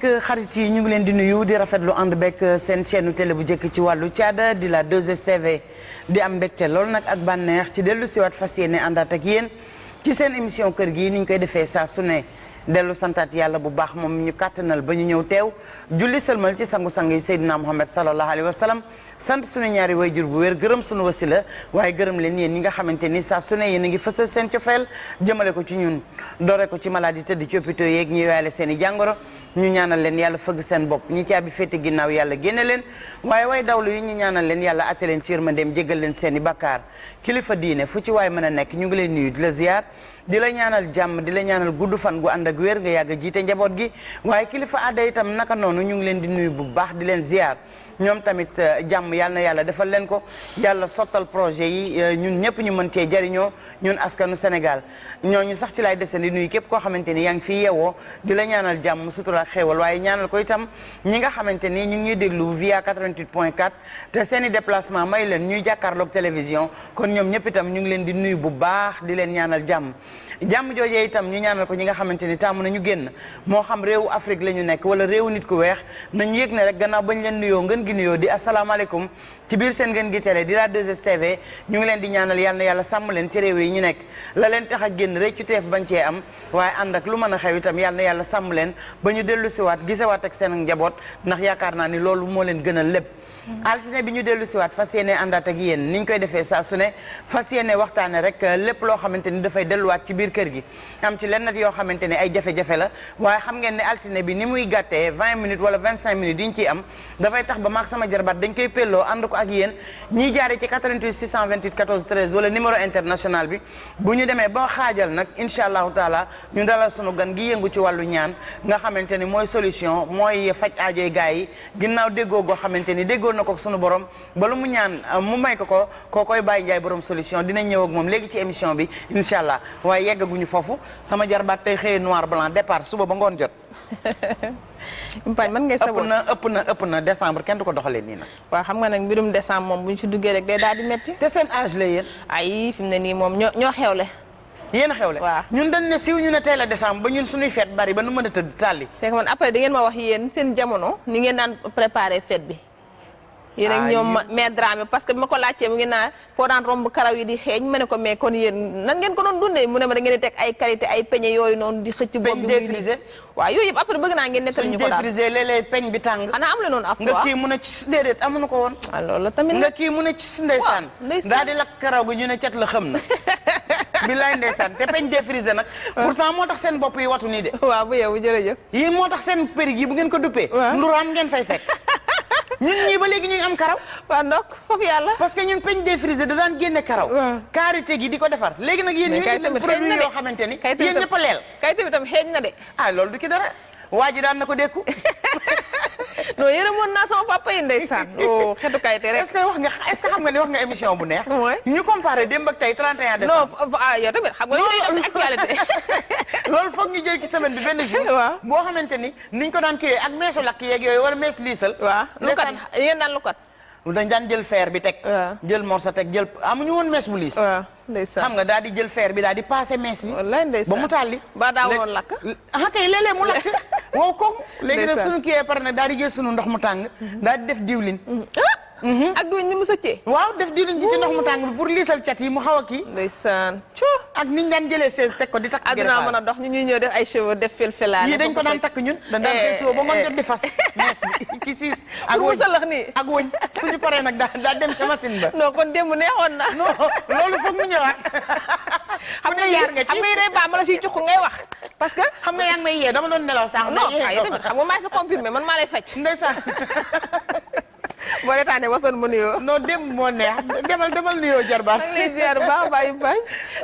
yeeg xarit yi ñu ngi leen di nuyu di rafetlu ànd bekk seen chaîne télé bu njëkk ci wàllu caada di la 2STV di am mbégte lool nag ak bànneex ci dellu siwaat fas yéene àndaat ak yéen ci seen émission kër gi ni ñu koy defee saa su ne dellu santaat yàlla bu baax moom ñu kàttanal ba ñu ñëw teew julli sëlmal ci sangu-sang yi Seydina Muhammad sallallahu alayhi wa sant sunu ñaari jur bu wér gërëm sunu wasila waaye gërëm leen yéen ñi nga xamante ni saa su ne yéen a ngi fësal seen cofeel jëmale ko ci ñun doore ko ci maladie tëdd ci hôpitaux yeeg ñuy waale seen i jàngoro ñu ñaanal leen yàlla fëgg seen bopp ñi caabi féete ginnaaw yàlla génne leen waaye way dawlu yi ñu ñaanal leen yàlla atte leen ci yërmandeem jéggal leen seeni i bakkaar kilifa diine fu ci waay mën a nekk ñu ngi leen nuyu di la ziar di la ñaanal jàmm di la ñaanal gudd fan gu ànd ak wér nga yàgg jiite njaboot gi waaye kilifa aada itam naka noonu ñu ngi leen di nuyu bu baax di leen ziar ñoom tamit euh, jàmm yal na yàlla defal leen ko yàlla sottal projet yi euh, ñun ñëpp ñu mën cee jariñoo ñun askanu Sénégal ñoo ñu sax ci laay dese di nuyu képp koo xamante ni yaa ngi fi yeewoo di la ñaanal jàmm sutura xéewal waaye ñaanal ko itam ñi nga xamante ni ñu ngi ñuy déglu via 88 point 4 te seen i déplacement may leen ñuy jàkkaarloog télévision kon ñoom ñëpp itam ñu ngi leen di nuyu bu baax di leen ñaanal jàmm jàmm joojee itam ñu ñaanal ko ñi nga xamante ni tàmm na ñu génn moo xam réew Afrique la ñu nekk wala réew nit ku weex nañu yëg ne rek gannaaw bañ leen nuyoo ngeen gi nuyoo di asalaamaaleykum ci biir seen ngeen gi télé di la 2STV ñu ngi leen di ñaanal yal na yàlla sàmm leen ci réew yi ñu nekk la leen tax a génn rek ci teef bañ cee am waaye ànd ak lu mën a xew itam yal yàlla sàmm leen ba ñu dellu siwaat gisewaat ak seen njaboot ndax yaakaar naa ni loolu moo leen gënal lépp altine bi ñu dellu siwaat fas yéene àndaat ak yéen ni ñu koy defee saa su ne fas yéene waxtaane rek euh, lépp loo xamante ni dafay delluwaat ci biir kër gi am ci lenn yoo xamante ne ay jafe-jafe la waaye xam ngeen ne altine ni muy gàttee 20 minutes wala 25 minutes yi ñu ciy am dafay tax ba maak sama jarbaat dañ koy pelloo ànd ko ak yéen ñiy jaare ci 88 628 14 13 wala numéro international bi bu ñu demee ba xaajal nag incha allahu taala ñu dalal sunu gan gi yëngu ci wàllu ñaan nga xamante ni mooy solution mooy faj aajoy gaay yi ginnaaw déggoo goo xamante déggoo dénkoon na ko mu ñaan euh, mu may ko ko koo koy bàyyi njaay borom solution dinañ ñëw ak moom léegi ci émission bi incha allah waaye yeggaguñu foofu sama jarbaat tey xëye noir blanc départ suba ba ngoon jot Mpañ mën ngay saboo ëpp na ëpp na ëpp na décembre kenn du ko doxalee nii nag. waaw xam nga nag mbirum décembre moom bu ñu si duggee rek day daal di métti. te seen âge la yéen. ay fi mu ne nii moom ñoo ñoo xewle. yéen xewle waaw ñun dañ ne siiw ñu ne tey la décembre ba ñun suñuy fête bari ba nu mën a tëdd tàlli. c'est que man après da ma wax yéen seen jamono ni ngeen daan préparé fête bi. yéen ak ah, ñoom mais drame parce que bi ma ko laajtee mu ngi naa foo daan romb karaw yi di xeeñ ma ne ko mais kon yéen nan ngeen ko doon dundee mu ne ma da ngeen di ñu ko daal défrisé a ci ko woon a ah, loolu tamit a ci ndeysaan daal di lakk na ah. moo tax seen bopp yi watu nii de waaw bu yow jërëjëf yii ngeen ko duppee nduraam ngeen fay fekk ñun ñii ba léegi ñu am karaw. waaw donc foofu yàlla. parce que ñun peigne défrisé da daan génne karaw. karité gi di ko defar léegi nag yéen ñu ngi dem yoo xamante ni yéen ñëpp a leel. kay tamit tam xeeñ na de. ah loolu du ki dara waa ji daan na ko dékku non yërëmoon naa sama papa yi ndeysaan o oh, xetu kayite rek est wax nga est-ce que xam nga ni wax nga émission bu neex ñu comparé démb ak tey 31 décembre non ah, foog ñu jël ci semaine bi benn jour waaw boo xamante ni niñ ko daan kiiwee ak meesu lakk yeeg yooyu wala mees liisal waaw lukat yéen daan lukat lu dañ daan jël feer bi teg. jël morsa teg jël amuñu woon mees bu liis. ndeysaan xam nga daal di jël fer bi daal di passé mees bi. ba mu taal li ba daa woon lakk. ah kay léeg mu lakk. wow ko léegi nag sunu kii yee pare nag daal di jël sunu ndox mu tàng. Mhm. daal di def diwlin. Mhm. Ah! Mm-hmm. ak duñ ni mu sëccee waaw def diwlin ji ci ndox mu tàng bi pour liisal cat yi mu xaw a kii ndeysaan ak niñ daan jëlee seize teg ko di takk àdduna mën a dox ñu ñuy ñëw def ay cheveux def felfelaane yii dañ ko daan takk ñun dañ daan fay suba ba ngoon jot di fas eh. mees ci siis ak wëñ musalax nii ak wëñ suñu paree nag daa dem ca machine ba non kon démb neexoon na non loolu foog mu ñëwaat xam nga yaar nga ci xam baa ma la siy jox ngay wax parce que xam nga yaa ngi may yee dama doon nelaw sax non xam nga maa sa confirmé man maa lay fecc boo retaane ba sonn mu nuyoo. non dem moo neex demal demal nuyoo jarbaat. maa ngi lay ziar baax bàyyi bañ.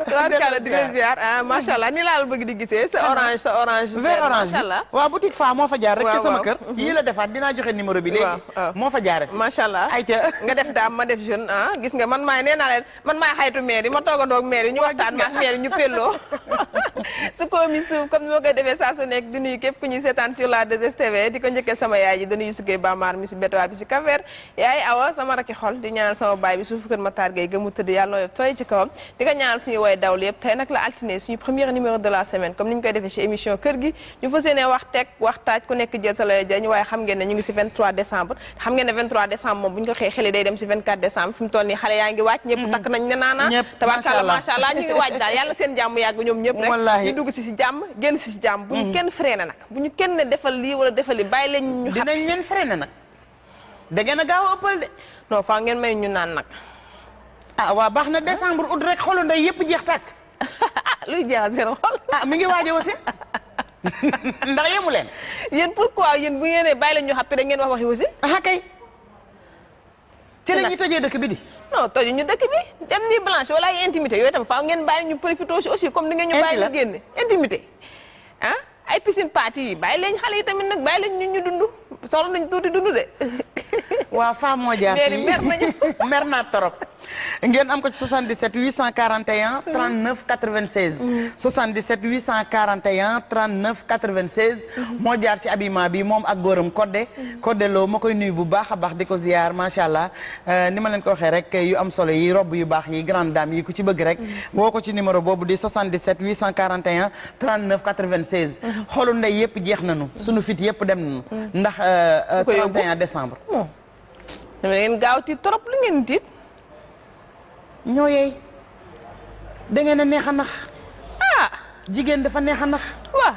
tubaarkàlla macha allah nii laa la ah, di gisee sa orange sa orange. vert waaw moo fa jaar rek. ci sama kër mhm. yii la defaat dinaa joxe numéro bi. léegi moo fa jaarati. macha allah ayca nga def daam ma def jeune ah gis nga man maay nee naa leen man maay xaytu mairie ma toogandoo ak mairie ñu waxtaan ñu pelloo. su ko mi suuf comme ni ma koy defee saa su nekk di nuyu képp ku ñuy seetaan sur la 2STV di ko njëkkee sama yaay ji di nuyu Sukkee Bamar mi si Betoa bi si Kaver yaay awa sama rakki xol di ñaanal sama baay bi suufu kër Matar Gueye gëmu tëdd yàlla nooyof tooy ci kawam di ñaanal suñu woy dawlu yëpp tey nag la altine suñu premier numéro de la semaine comme ni ñu koy defee ci émission kër gi ñu fas yéene wax teg ku nekk jël sa lay jañ waaye xam ngeen ne ñu ngi ci 23 décembre xam ngeen ne 23 décembre moom bu ñu ko xëy xëli day dem ci 24 décembre fi mu toll nii xale yaa ngi wàcc ñëpp mhm. takk nañ da ngeen a gaaw a ëppal de non faa ngeen ma ñu naan nag. ah waa baax na décembre août rek xolu nday yëpp jeex tàkk. luy jeexal seen xol. ah mi ngi waaj a wasin ndax yemu leen. yéen pourquoi yéen bu ngeen ne bàyyi la ñu xàppi da ngeen wax waxi wasin. ah kay. ci la ñu tojee dëkk bi di. non toju ñu dëkk bi dem ni blanche wala ay intimité yooyu tam faaw ngeen bàyyi ñu profité si aussi comme ni ngeen ñu bàyyi ñu génne intimité ah ay pisin party yi bàyyi leen xale yi tamit nag bàyyi leen ñu ñu dund soxla nañ tuuti dund de waaw femme moo jaar fii mer naa trop. ngeen am ko ci 77 841 39 96. 77 841 39 96. moo jaar ci abima bi moom ak góoram Codé. Mm-hmm. Codé loo ma koy nuyu bu baax a baax di ko ziar macha allah euh, ni ma leen ko waxee rek yu am solo yi robe yu baax yi grande dame yi ku ci bëgg rek. Mm-hmm. woo ko ci numéro boobu di 77 841 39 96. xoolu ndey yëpp jeex nañu. Mm-hmm. sunu fit yëpp dem nañu. ndax 31 euh, décembre. dama leen lu ngeen tiit. ñoo yeey da ngeen a neex a nax ah jigéen dafa neex a nax waaw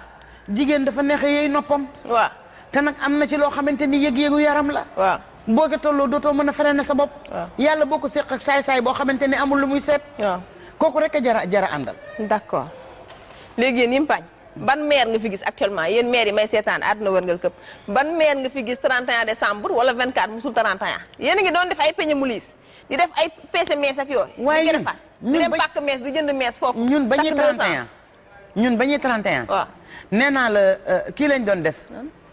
jigéen dafa neex a yeey noppam waaw te nag am na ci loo xamante ni yëg-yëgu yaram la waa boo ko tolloo dootoo mën a freiné sa bopp yàlla boo ko séq ak saay-saay boo xamante ni amul lu muy seet waaw kooku rek a jara jara àndal d'accord léegi yéen yimpañ ban maire nga fi gis actuellement yéen maire yi may seetaan àdduna wërngal këpp ban maire nga fi gis 31 décembre wala 24 musul 31 yéen a ngi doon def ay peñe mu di def ay peese mees ak yooyu. waaye ñun ñun di dem pàkk mees di jënd mees foofu. ñun ba ñuy 31 ñun ba ñuy 31. waaw nee naa la euh, kii lañ doon def.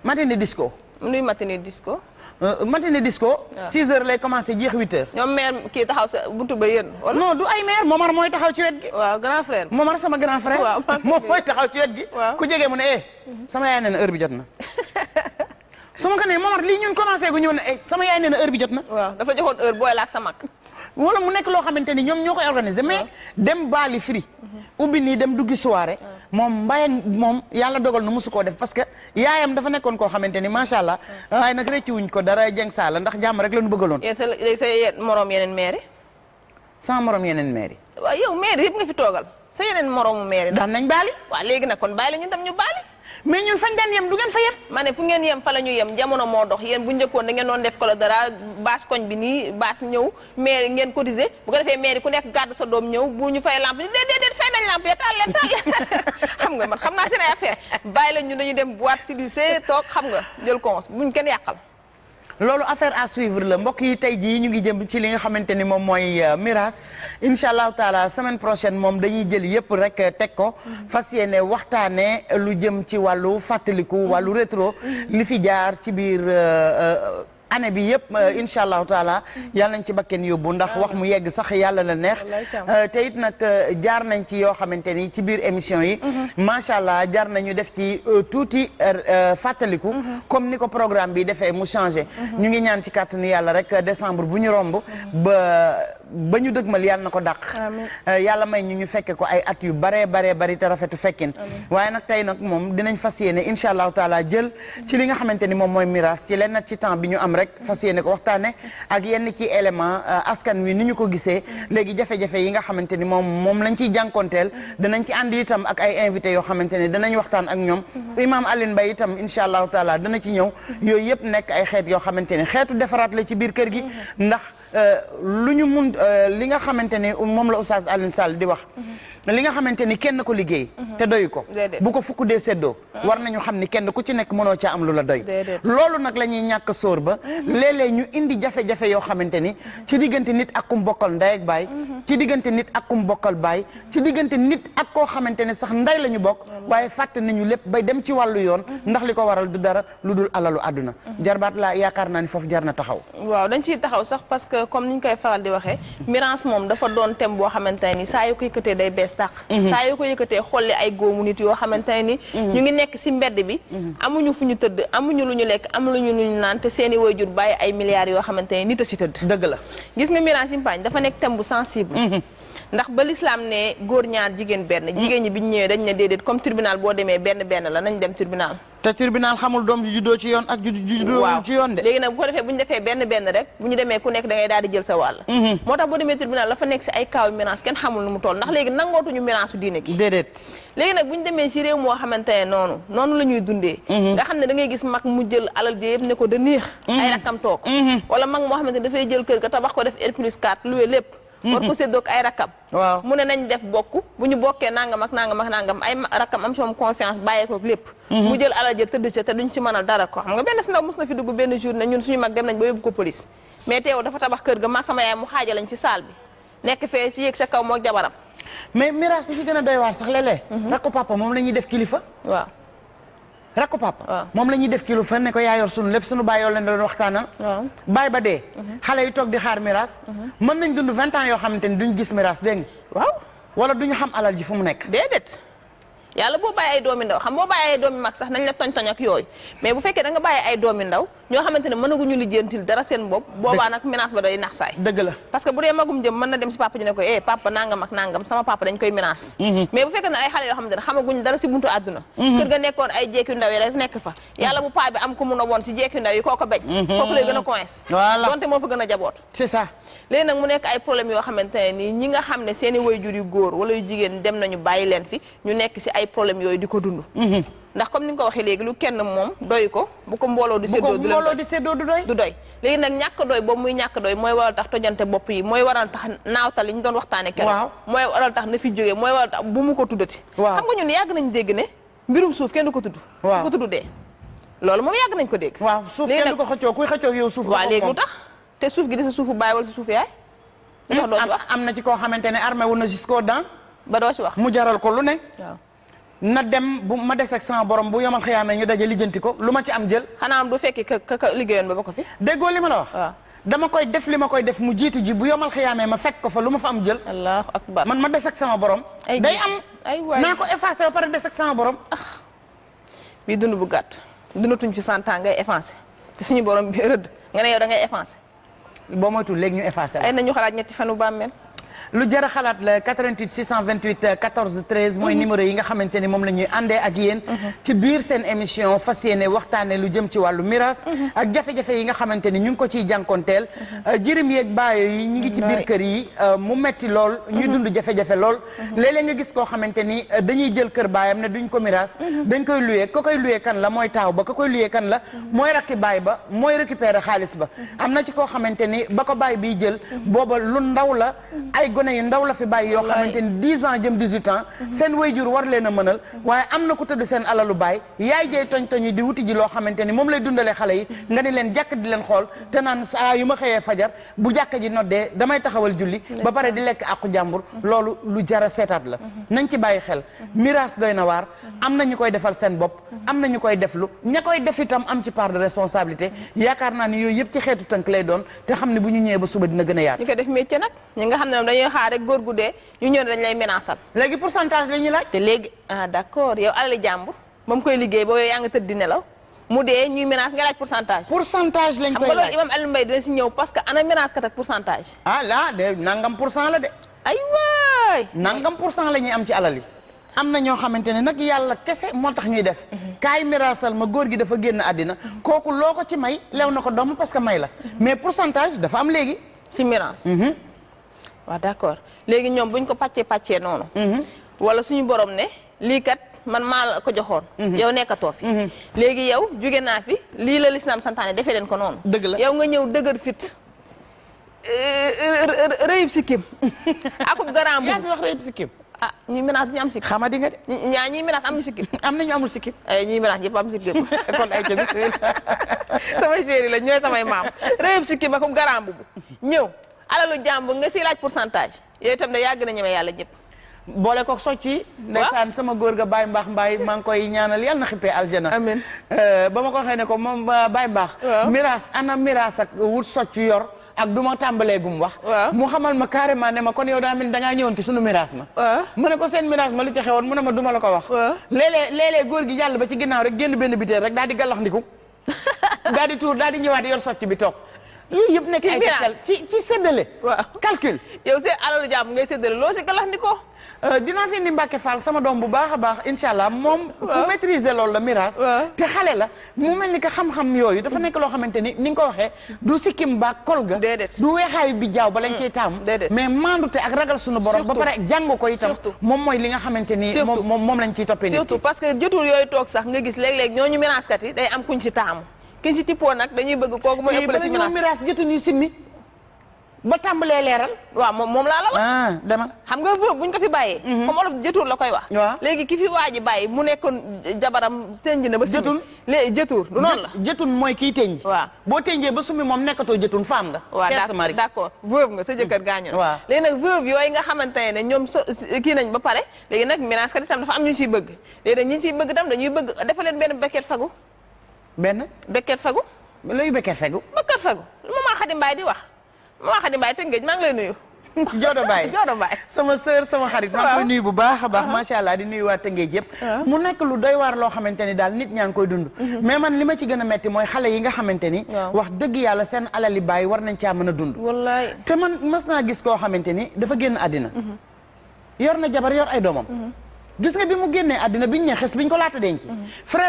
matinée disco. nuy matinée disco. Euh, matinée disco. 6 heures lay commencé jeex 8 heures. ñoom maire kii taxaw sa buntu ba yéen. wala non du ay maire Momar mooy taxaw ci wet gi. waaw grand frère. Momar sama grand frère. waaw moom mooy taxaw ci wet gi. ku jege mu ne eh. Mhm. sama yaay ne heure bi jot na. su ma ko lii ñun commencé gu ñëw ne eh, sama yaay nee na heure bi jot na. waaw dafa joxoon heure booy la ak sa mag. wala mu nekk loo xamante ni ñoom ñoo koy organiser mais dem baali firi mhm. ubbi nii dem duggi soirée moom mbaye moom yàlla dogal na mosu koo def parce que yaayam dafa nekkoon koo xamante ni macha allah waaye nag récci wuñ ko dara jeng saala ndax jàmm rek la ñu bëggaloon sa morom yeneen maire sama morom yeneen maire yi waaw yow maire yëpp nga fi toogal sa yeneen moroomu maire yi ndax nañ baali waaw léegi mais ñun fañ daan yem du ngeen fa yem. ma ne fu ngeen yem fa la ñu yem jamono moo dox yéen bu njëkkoon da ngeen doon def kolo dara baas koñ bi nii baas ñëw mais ngeen cotiser bu ko defee maire ku nekk gàdd sa doom ñëw bu ñu fay lamp déedéet fay nañ lamp ya taal leen taal leen xam nga man xam naa seen ay affaire bàyyi la ñu dañu dem boîte si du see toog xam nga jël cons buñ kenn yàqal loolu affaire à suivre la mbokk yi tey jii ñu ngi jëm ci li nga xamante ni moom mooy euh, miraas incha allahu taala semaine prochaine moom dañuy jël yëpp rek euh, teg ko mhm. fas yéene waxtaanee lu jëm ci wàllu fàttaliku wàllu rétro mhm. li fi jaar ci biir euh, année bi yëpp euh, mm. incha allahu taala mm. yàlla nañ ci bakken yóbbu ndax ah. wax mu yegg sax yàlla la neex euh, te it nag euh, jaar nañ ci yoo xamante ni ci biir émission yi mm-hmm. macha allah jaar nañu def ci tuuti fàttaliku mm-hmm. comme ni ko programme bi defee mu changé mm-hmm. ñu ngi ñaan ci kàttanu yàlla rek décembre bu ñu romb ba ba ñu dëgmal yàlla na ko dàq yàlla may ñu ñu fekke ko ay at yu bare bare bari te rafetu fekkin waaye nag tey nag moom dinañ fas yéene incha allahu taala jël ci li nga xamante ni moom mooy miraas ci lenn ci temps bi ñu am rek fas yéene ko waxtaane ak yenn ci élément euh, askan wi ni ñu ko gisee léegi jafe-jafe yi nga xamante ni moom moom lañ ciy jànkonteel danañ ci ànd itam ak ay invité yoo xamante ne danañ waxtaan ak ñoom mhm. imaam Alioune Mbaye itam incha allahu taala dana ci ñëw mhm. yooyu yëpp nekk ay xeet yoo xamante ne xeetu defaraat la ci biir kër gi mhm. ndax euh, lu ñu mun euh, li nga xamante ne moom la Oustaz Alioune Sall di wax li nga xamante ni kenn ko liggéey mhm. te doy ko bu ko fukk dee seddoo mhm. war nañu xam ni kenn ku ci nekk mënoo ca am lu la doy loolu nag la ñuy ñàkk soor ba mhm. léeg-léeg ñu indi jafe-jafe yoo xamante ni ci diggante nit ak kum bokkal ndey baay ci diggante nit ak kum bokkal baay ci diggante nit ak koo xamante ne sax nday la ñu bokk waaye fàtte nañu lépp bay dem ci wàllu yoon ndax li ko waral du dara lu dul alalu àdduna jarbaat laa yaakaar naa ni foofu jar na taxaw waaw dañ ciy taxaw sax parce que comme niñ koy faral di waxee mirance moom dafa doon thème boo xamante ni saa yu tàq mhm. saa yoo ko yëkkatee xolli ay góomu nit yoo xamante ne ni mhm. ñu ngi nekk si mbedd bi mhm. amuñu fu ñu tëdd amuñu lu ñu lekk am lu ñu ñu naan te seen i jur bàyyi ay milliards yoo xamante ne nit a si tëdd dëgg la gis nga Miran Simpaañ dafa nekk thème bu sensible ndax ba lislaam ne góor ñaar jigéen benn hmm. jigéen ñi bi ñu ñëwee dañ ne déedéet comme tribunal boo demee benn benn la nañ dem tribunal te tribunal xamul doom ju juddoo ci yoon ak ju juddoo ci yoon de léegi nag bu ko defee bu ñu defee benn benn rek bu ñu demee ku nekk di jël sa wàll hmm. moo tax boo demee tribunal la fa nekk si ay gi déedéet léegi nag bu ñu demee moo xamante ne noonu noonu la ñuy dundee hmm. nga xam ne da ngay gis mag mu jël alal ji yëpp ne ko da niix ay rakkam toog wala mag moo xamante ne dafay jël kër ga tabax ko def R plus 4 loué lépp war ko séddoog ay rakkam waaw mu ne nañ def bokk bu ñu bokkee nangam ak nangam ak nangam ay rakkam am ci moom confiance bàyyee ko lépp mhm. mu jël alal ja tëdd ca te duñ ci mënal dara ko xam nga benn si ndaw mos na fi dugg benn jour ne ñun suñu mag dem nañ ba yóbbu ko police mais teew dafa tabax kër ga ma sama yaay mu xaaja lañ ci saal bi nekk fee ci yéeg sa kaw moo jabaram mais miraas li ci gën a doy waar sax léeg-léeg mhm. rakku papa moom la ñuy def kilifa waaw rakku papa moom la ñuy def kilo fan ne ko yaa yor sunu lépp sunu baay yoo leen doon waxtaanal baay ba dee mhm. xale yu toog di xaar miraas mhm. mën nañ dund vingt ans yoo xamante ni duñ gis miraas dégg nga waaw wala duñu xam alal ji fu mu nekk déedéet yàlla boo bàyyi ay doomi ndaw xam boo bàyyi ay doomi mag sax nañ la toñ toñ ak yooyu mais bu fekkee da nga bàyyi ay doomi ndaw ñoo xamante ne mënaguñu lijjantil dara seen bopp boobaa nag menace ba day nax saay dëgg la parce que bu dee magum jëm mën na dem si papa ji ne ko eh papa nangam ak nangam sama papa dañ koy menace mm-hmm. mais bu fekkee ne ay xale yoo xamante ne xamaguñu dara si buntu àdduna mm-hmm. kër ga nekkoon ay jékki ndaw yi rek nekk fa mm-hmm. yàlla bu paa bi am ku mu noboon si jékki ndaw yi koo ko bañ kooku lay gën a coince donte moo fa gën a jaboot c'est ça léegi nag mu nekk ay problème yoo xamante ne nii ñi nga xam ne seen i yu góor wala yu jigéen dem nañu bàyyi leen fi ñu nekk si ay problème yooyu di ko dund ndax comme ni nga ko waxee léegi lu kenn moom doy ko bu ko mbooloo di séddoo du mbooloo di séddoo du doy doy léegi nag ñàkk doy boobu muy ñàkk doy mooy waral tax tojante bopp yi mooy waral tax naawtal li ñu doon waxtaane keroog mooy waral tax na fi jógee mooy waral tax bu mu ko tuddati xam nga ñun yàgg nañ dégg ne mbirum suuf kenn du ko tudd du ko dee loolu moom yàgg nañ ko dégg waaw suuf kenn du ko xëccoo kuy xëccoo yow suuf waaw léegi lu tax te suuf gi di sa suufu bàyyi wala sa suufu yaay am na ci koo xamante ne armé wu na koo dents ba doo ci wax mu jaral ko lu ne na dem bu ma des ak sama borom bu yomal xiyaamee ñu daja lijjanti ko lu ma ci am jël. xanaa am du fekki ka ka liggéeyoon ba ba ko fi. déggoo li ma la wax. waaw dama koy def li ma koy def mu jiitu ji bu yomal xiyaamee ma fekk ko fa lu ma fa am jël. allahu akbar man ma des ak sama borom. ay day am naa ko effacé ba pare des ak sama borom. Ah. bii dund bu gàtt dundatuñ fi cent ans ngay effacé te suñu borom bi rëdd nga ne yow da ngay effacé. boo moytuwul léegi ñu effacé la. ay nañu xalaat ñetti fanu bàmmeel lu jar a xalaat la 88 628 14 13. mooy mhm. numéro yi nga xamante ni moom la ñuy àndee ak yéen. Mhm. ci biir seen émission fas yéene waxtaane lu jëm ci wàllu miras. Mhm. ak jafe-jafe yi nga xamante ni ñu ngi ko ciy jànkonteel. Euh, jërëm yéeg baayo yi ñu ngi ci biir kër yi euh, mu metti lool. ñuy dund jafe-jafe lool. léeg nga gis koo xamante ni euh, dañuy jël kër baayam ne duñ ko miras. dañ koy luyee ko koy luyee kan la mooy taaw ba ko koy luye kan la. mooy rakki baay ba mooy récupérer xaalis ba. am na ci koo xamante ni ba ko baay biy jël. booba lu ndaw la ay gone yi ndaw la fi bàyyi yoo xamante ni dix ans jëm dix-huit ans mhm. a mënal waaye am na ku tëdd seen alalu baay yaay jey toñ toñ yi di wuti ji loo xamante ni moom lay dundalee mhm. ba pare di lekk àqu jàmbur loolu lu jara seetaat la mhm. nañ ci bàyyi xel miraas doy na waar am na ñu koy defal seen bopp am na ñu koy def lu ña koy def itam am ci part de responsabilité yaakaar naa ni yooyu yëpp ci xeetu tënk lay doon te xam ne bu ñu ñëwee ba suba dina gën a yaatu dañuy xaar góor gu dee ñu ñëw dañ lay menacer. léegi pourcentage la ñuy laaj. te léegi ah d'accord yow alali koy liggéey ba yow nga tëdd di nelaw mu dee ñuy menace nga laaj pourcentage. pourcentage lañ koy laaj xam nga loolu Imam Aliou Mbaye dina si ñëw parce que ana menace kat ak pourcentage. ah là de nangam pour cent la de. ay waay nangam pour cent la ñuy am ci alal yi. am na ñoo xamante ne nag yàlla kese moo tax ñuy def. Mhm. kaay miraasal ma góor gi dafa génn àddina. kooku loo ko ci may lew na ko doom parce que may la. Mhm. mais pourcentage dafa am léegi. ci miraas. Mhm. waa d'accord léegi ñoom buñ ko pàccee pàccee noonu. Mhm. wala suñu borom ne lii kat man maa la ko joxoon. Mhm. yow nekkatoo fi. Mhm. léegi yow jóge naa fi lii la lislaam santaane defee leen ko noonu. dëgg la yow nga ñëw dëgër fit. Eh, eh, eh, rëyib sikkim. akub fi wax rëyib sikkim. ah ñuy menace duñu am sikkim. xamadi nga de. ñaa ñuy menace am ñu am nañu amul sikkim. ñuy menace ñëpp am sikkim. kon ay ca la ñooy samay maam rëyib sikkim akub garaam bu ñëw. alalu jàmb nga si laaj pourcentage yooyu itam da yàgg na ñeme yàlla jëpp boole ko socci ndeysaan sama góor ga Baye Mbaax Mbaye maa ngi koy ñaanal yàlla na xippee aljana amiin euh, ba ma ko waxee ko moom euh, Baye Mbaax miraas ana miraas ak wut soccu yor ak du ma tàmbalee gum wax mu xamal ma carrément ne ma kon yow daa mel da ngaa ñëwoon sunu miraas ma mu ne ko seen miraas ma lu ci xewoon mu ne ma duma la ko wax léeg-léeg góor gi jàll ba ci ginnaaw rek génn benn biteel rek daal di gàllax ndiku daal di tuur daal di ñëwaat yor socc bi toog yooyu yëpp nekk ci ci séddale. waaw calcul. yow seen alalu jàmm ngay seddale loo si galax ni ko. Euh, dinaa fi indi Mbacke Fall sama doom bu baax a baax incha allah moom. ku maîtriser loolu la miraas. te xale la mu mel ni que xam-xam yooyu dafa nekk loo xamante ni ni nga ko waxee du sikkim ba kol ga. déedéet du weexaayu bi jaaw ba lañ cey mm. taamu. déedéet mais maandute ak ragal sunu borom. ba pare jàng ko itam moom mooy li nga xamante ni. moom moom lañ ciy toppee. surtout parce que jotul yooyu toog sax nga gis léeg-léeg ñooñu miraaskat yi day am kuñ ci ki si tippoo nag dañuy bëgg kooku mooy ëppale si menace miraas jotuñu simmi ba tàmbalee leeral waaw moom moom laa la wax ah, xam nga veuve buñ ko fi bàyyee mhm. comme olof jëtuur la koy wax waaw léegi ki fi waa ji bàyyi mu nekkoon jabaram tënj ba simmi jëtun léegi jëtuur du la jëtun mooy kii tënj waaw boo tënjee ba summi moom nekkatoo jëtun femme nga waaw d'accord veuve nga sa jëkkër gaañu na waaw léegi nag veuve nga xamante ne ñoom so kii nañ ba pare léegi nag ménage kat itam dafa am ñu siy bëgg léegi ñi siy bëgg itam dañuy bëgg defaleen leen benn bekket fagu benn. Bekkeer Fagu. léegi Bekkeer Fagu. Bekkeer Fagu maman Khady Mbaye di wax maman Khady Mbaye tëngeej maa ngi lay nuyu. Joodo Baye Joodo Baye sama sœur sama xarit maa ngi koy nuyu bu baax a baax uh-huh. macha allah di nuyu waa Tëngéej yëpp uh-huh. mu nekk lu doy waar loo xamante ni daal nit ñaa ngi koy dund uh-huh. mais man li ma ci gën a metti mooy xale yi nga xamante ni wax dëgg yàlla seen alali baay war nañ caa mën a dund wallaay te man mas naa gis koo xamante ni dafa génn àddina yor na jabar yor ay doomam gis nga bi mu génnee àddina biñ ne xes biñ ko laata denc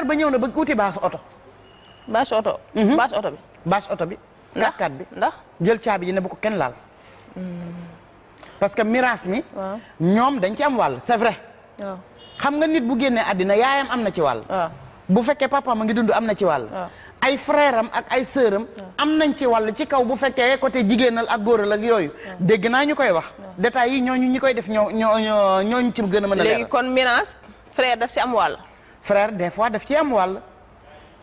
ba ñëw na ba wuti oto bâche oto. Mhm. bâche oto bi. bâche oto bi. ndax 4 bi ndax. jël caabi ji ne bu ko kenn laal. Hmm. parce que miraas mi. ñoom dañ ci am wàll c'est vrai. xam nga nit bu génnee àddina yaayam am na ci wàll. bu fekkee papa a ngi dund am na ci wàll. ay frère am ak ay sœur am. nañ ci wàll ci kaw bu fekkee côté jigéenal ak góoral ak yooyu. dégg naa ñu koy wax. détails yi ñooñu ñu koy def ñoo ñoo ñooñu ci gën a mën a. kon miraas frère daf ci am wàll. frère des fois def ci am wàll.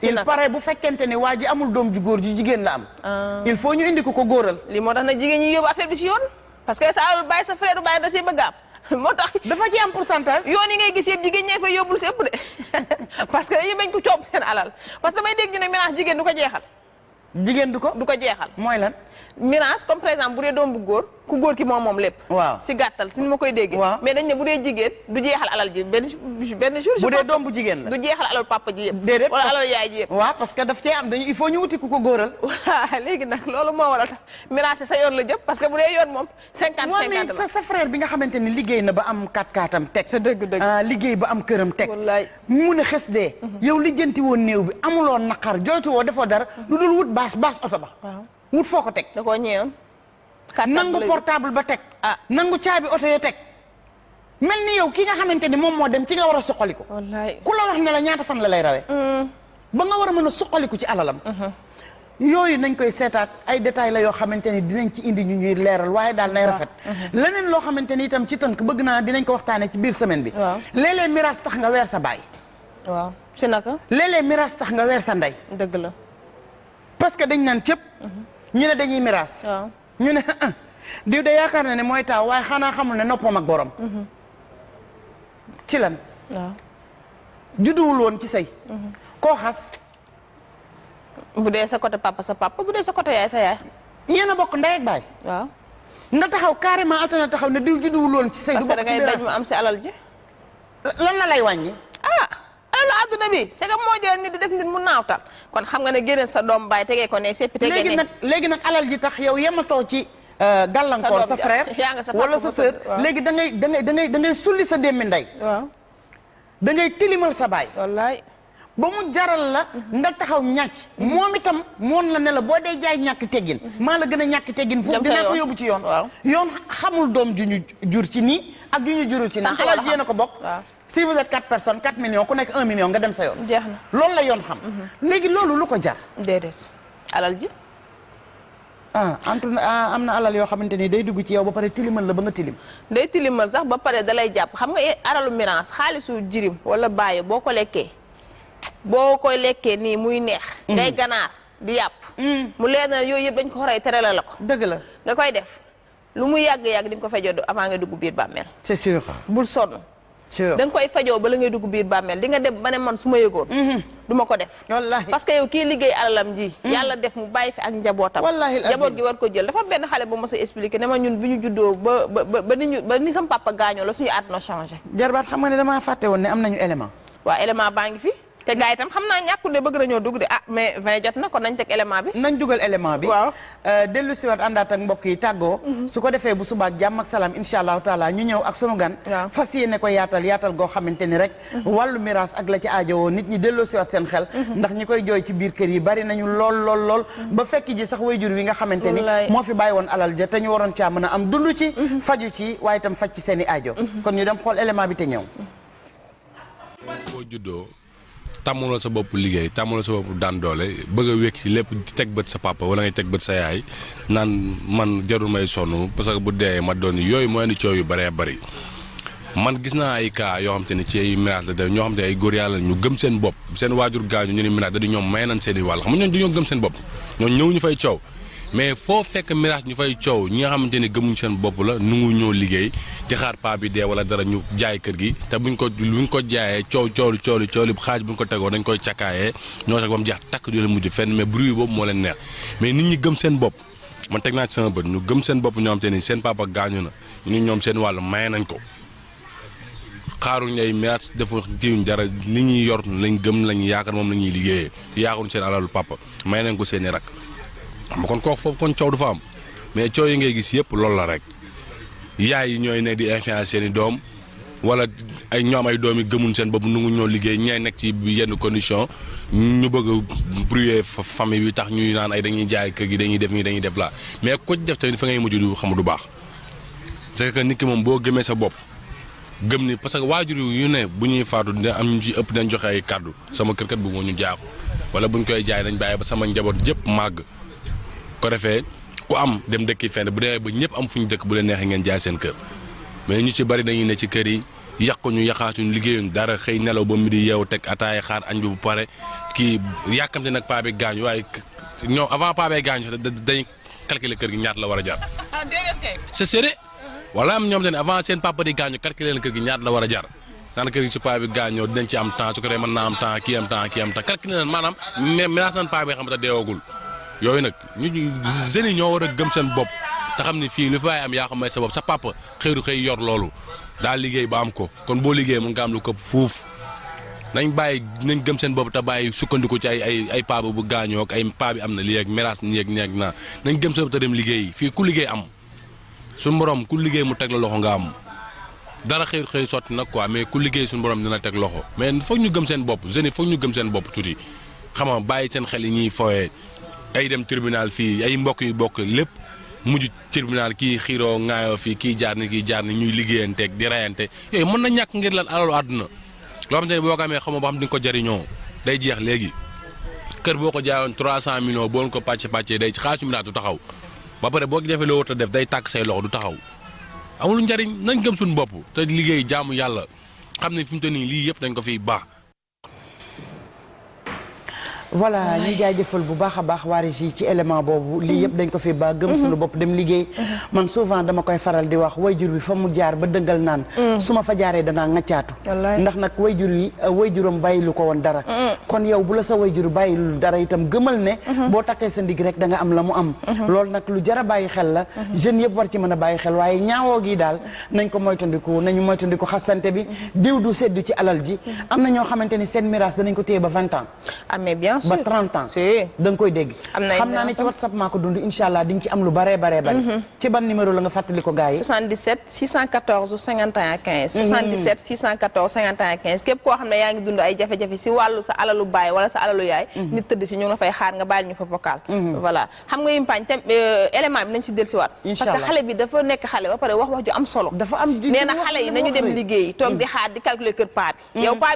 il paraît bu fekkente ne waa ji amul doom ju góor ji jigéen la am. Ah. il faut ñu indi ko ko góoral. li moo tax na jigéen ñi yóbbu affaire bi si yoon parce que sa alal bàyyi sa frère bàyyi da si bëgg am moo tax. dafa ci am pourcentage. yoon yi ngay gis yëpp jigéen ñee fay yóbbul si ëpp de parce que dañuy bañ ko coob seen alal parce que damay dégg ñu ne ménage jigéen du ko jeexal. jigéen du ko du ko jeexal mooy lan mirage comme par exemple bu dee doom bu góor ku góor ki moom moom lépp waaw si gàttal si ni ma koy déggee waaw mais dañ ne bu dee jigéen du jeexal alal ji benn benn jour bu dee doom bu jigéen la du jeexal alal papa ji yëpp déedéet wala alal yaay ji yëpp waaw parce que daf cee am dañu il faut ñu wuti ku ko góoral waaw léegi nag loolu moo waral tax mirage sa yoon la jëm parce que bu dee yoon moom cinquante cinquante la sa frère bi nga xamante ni liggéey na ba am kat katam teg sa dëgg dëgg ah, liggéey ba am këram teg wallaay mu ne xes dee mhm. yow lijjanti woon néew bi amuloo naqar jooytu woo defoo dara mhm. lu dul wut baax baas oto ba. foo ko teg. da koo ñëwoon. nangu portable ba teg. ah nangu caabi oto ya teg. mel ni yow ki nga xamante ni moom moo dem ci nga war a suqaliku. wallaay ku la wax ne la ñaata fan la lay rawee. Mm. ba nga war a mën a suqaliku ci alalam. Mm-hmm. yooyu nañ koy seetaat ay détails la yoo xamante ni dinañ ci indi ñu ñuy leeral waaye daal nay rafet mm-hmm. leneen loo xamante ni itam ci tënk bëgg naa dinañ ko waxtaane ci biir semaine bi léeg-léeg miraas tax nga weer sa baay waaw si naka léeg miraas tax nga weer sa ndey dëgg la parce que dañ naan cépp mhm. ñu ne dañuy miraas. ñu ne ah, diw de yaakaar na ne mooy taaw waaye xanaa xamul ne noppam ak borom. Mhm. ci lan. waaw judduwul woon ci say mhm. koo xas. bu dee sa côté papa sa papa bu dee sa côté yaay sa yaay. ñeena bokk ndey baay. waaw nga taxaw carrément altana taxaw ne diw judduwul woon ci sëy du bokk ci dangay bañ mu am si alal ji. lan la lay wàññi. Ah! alalu eh, àdduna bi c'est que moo jël nit di def nit mu naawtal kon xam nga ne génne sa doom baay tegee ko ne seppi tegee ne léegi nag léegi nag alal ji tax yow yematoo ci euh, gàllankoor sa frère wala sa sœur léegi da ngay da da ngay da ngay sulli sa démmi ndey waaw ngay tilimal sa baay wallaay ba mu jaral la nga taxaw ñàcc mm-hmm. moom itam moon la ne la boo dee jaay ñàkk teggin mm-hmm. maa la gën a ñàkk teggin foofu dinaa ko yóbbu ci yoon yoon xamul doom ju ñu jur ci nii ak ju ñu jurul ci nii alal ji yéen a ko bokk si vous êtes quatre personnes quatre millions ku nekk un million nga dem sa yoon. jeex na loolu la yoon xam. Mhm. léegi loolu lu ko jar. déedéet alal ji. ah entre ah, am na alal yoo xamante ni day dugg ci yow ba pare tilimal la ba nga tilim. day tilimal sax ba pare dalay jàpp xam nga aralu mirance xaalisu jirim wala bàyyi boo ko lekkee boo koy lekkee nii muy neex. Mm. ngay ganaar di yàpp. Mm. mu leer na yooyu yëpp dañ ko xoree tere la ko. dëgg la nga koy def lu mu yàgg yàgg di nga ko fa jot avant nga dugg biir bàmmeel. c'est sûr. bul sonn. da nga koy fajoo ba la ngay dugg biir bàmmeel di nga dem ba ne man su ma yëgoon mhm. du ko def parce que yow kii liggéey alalam ji mhm. yàlla def mu bàyyi fi ak njabootam wallaahi njaboot gi war ko jël dafa benn xale bu mos a expliqué ne ma ñun bi ñu juddoo ba ba ba ni ñu ba ni sam papa gaañoo la suñu àdduna changé jarbaat xam nga ne damaa fàtte woon ne am nañu élément waa élément baa ngi fi te gars itam xam naa ñàkkul bëgg nañoo dugg de ah mais 20 jot na kon nañ teg élément bi nañ dugal élément bi waaw euh, dellu si waat àndaat yi tàggoo mm-hmm. su ko defee bu subaak jàmm ak salaam insha allahu taala ñu ñëw ak sunu gan fas yéene yaatal yaatal goo xamante ni rek mm-hmm. wallu miraas ak la ci aajowoo nit ñi delloo si waat seen xel mm-hmm. ndax ñi koy jooy ci biir kër yi bari nañu lool lool ba fekk ji sax jur wi nga xamante ni moo fi bàyyi woon alal ja te ñu waroon caa mën am dund ci faju ci waaye tam faj ci seeni i kon ñu dem xool élément bi te ñëw boo tàmmaloo sa bopp liggéey tàmmaloo sa bopp daan doole bëgg a wékk ci lépp teg bët sa papa wala ngay teg bët sa yaay naan man jarul may sonn parce que bu dee ma doon yooyu mooy indi coow yu bëree bëri. man gis naa ay cas yoo xam te ne ci ay ménage la da ñoo xam te ay góor yàlla ñu gëm seen bopp seen waajur gaañu ñu ni ménage da ñoom may nañ seen i wàll xam nga ñoom dañoo gëm seen bopp ñoom ñëw ñu fay coow mais foo fekk mirage ñu fay coow ñi nga xamante ni gëmuñ seen bopp la nu ngu ñoo liggéey di xaar bi dee wala dara ñu jaay kër gi te buñ ko buñ ko jaayee coow cooli cooli cooli xaaj ñu ko tegoo dañ koy cakaayee ñoo sax ba mu jeex takk du leen mujj fenn mais bruit boobu mais nit ñi gëm seen bopp man teg naa ci sama bët ñu gëm seen bopp ñoo xamante ni seen papa gaañu na ñu ñoom seen wàll maye nañ ko xaaruñ ay mirage defu tiwuñ dara li ñuy yor lañ gëm lañ yaakaar moom la ñuy liggéeyee yaakaaruñ seen alalu papa may nañ ko seen i rak xam nga kon kooku foofu kon coow du fa am mais coow yi ngay gis yëpp loolu la rek yaay yi ñooy ne di influence seen doom wala ay ñoom ay doom yi gëmuñ seen bopp nu ngu ñoo liggéey ñay nekk ci yenn condition ñu bëgg a brouiller famille bi tax ñuy naan ay dañuy jaay kër gi dañuy def nii dañuy def laa mais ko ci def tamit fa ngay mujj du xam du baax c'est que nit ki moom boo gëmee sa bopp gëm ni parce que waajur yu ne bu ñuy faatu dina am ñu ëpp dañ joxe ay kàddu sama kër kat bëgguma ñu jaaxu wala buñ koy jaay dañ bàyyi ba sama njaboot yëpp màgg ko defee ku am dem dëkki fenn bu demee ba ñëpp am fu ñu dëkk bu leen neexee ngeen jaay seen kër mais ñu ci bari dañuy ne ci kër yi ñu yaxaatuñu liggéeyuñ dara xëy nelaw ba mu di yeewu teg ataay xaar añ bi bu pare kii yàkkamte nag paa bi gaañu waaye ñoom avant paa bee gaañu sax dañuy kër gi ñaata la war a jar. Ah, c'est sérieux wala am ñoom kër gi ñaata la war a jar. gi su paa bi gaañoo dinañ ci am temps su ko defee mën naa am temps kii am temps kii maanaam mais menace naan paa bi xam te deewagul yooyu nag ñu jeunes yi ñoo war a gëm seen bopp te xam ni fii lu fi waaye am yaa xam may sa bopp sa papa xëy du xëy yor loolu daal liggéey ba am ko kon boo liggéey mu nga am lu këpp fuuf nañ bàyyi nañ gëm seen bopp te bàyyi sukkandiku ci ay ay ay paa bu gaañoo ay paa bi am na lii ak méras nii naa nañ gëm seen te dem liggéey fii ku liggéey am suñu borom ku liggéey mu teg la loxo nga am dara xëy xëy sotti nag quoi mais ku liggéey suñu borom dina teg loxo mais foog ñu gëm seen bopp foog ñu gëm seen bopp tuuti xam nga bàyyi seen xel yi ñuy fooyee ay dem tribunal fii ay mbokk yu bokk lépp mujj tribunal kii xiiroo ŋaayoo fii kii jaar ni kii jaar ni ñuy liggéeyanteeg di rayante yooyu mën na ñàkk ngir lan alalu àdduna loo xam te ne boo ko amee xamoo ba xam di nga ko jariñoo day jeex léegi kër boo ko jaayoon 300 millions boo ko pàcc pàccee day xaasu mi du taxaw ba pare boo ko defee loo war def day tàkk say loxo du taxaw amul njariñ nañ gëm suñu bopp te liggéey jaamu yàlla xam ne fi mu toll nii yëpp dañ ko fiy baax voilà ñu jaajëfal bu baax a baax waa régie ci élément boobu lii yëpp dañ ko fi ba gëm mhm. suñu bopp dem liggéey mhm. man souvent dama koy faral di wax way jur wi fa mu jaar ba dëngal naan mhm. su ma fa jaaree danaa ŋaccaatu ndax nag wayjur yi euh, wayjuram bàyyilu ko woon dara kon yow bu la sa wayjur bàyyilu dara itam gëmal ne boo takkee sa ndig rek da am la mu am loolu nag lu jar a bàyyi xel la jeunes yëpp war ci mën a bàyyi xel waaye ñaawoo gi daal nañ ko moytandiku nañu moytandiku xasante bi diw du seddu ci alal ji am na ñoo xamante ni seen miraas danañ ko téye ba vingt ans ah, ba 30 ans koy dégg xam naa ne ci whatsapp maa ko dund allah di am lu baree baree bari mhm. ci ban numéro la nga fàttali ko gars yi 77 614 51 15 si wàllu sa alalu baay wala sa alalu yaay mhm. nit tëdd si ñu nga fay xaar nga bàyyi ñu fa vocal mhm. xam nga yimpaañ tam euh, élément bi nañ ci del si waat parce que xale bi dafa nekk xale ba pare wax wax ju am solo dafa am nee xale yi nañu dem liggéey toog di mm. xaar di calculer kër paa bi mm. yow paa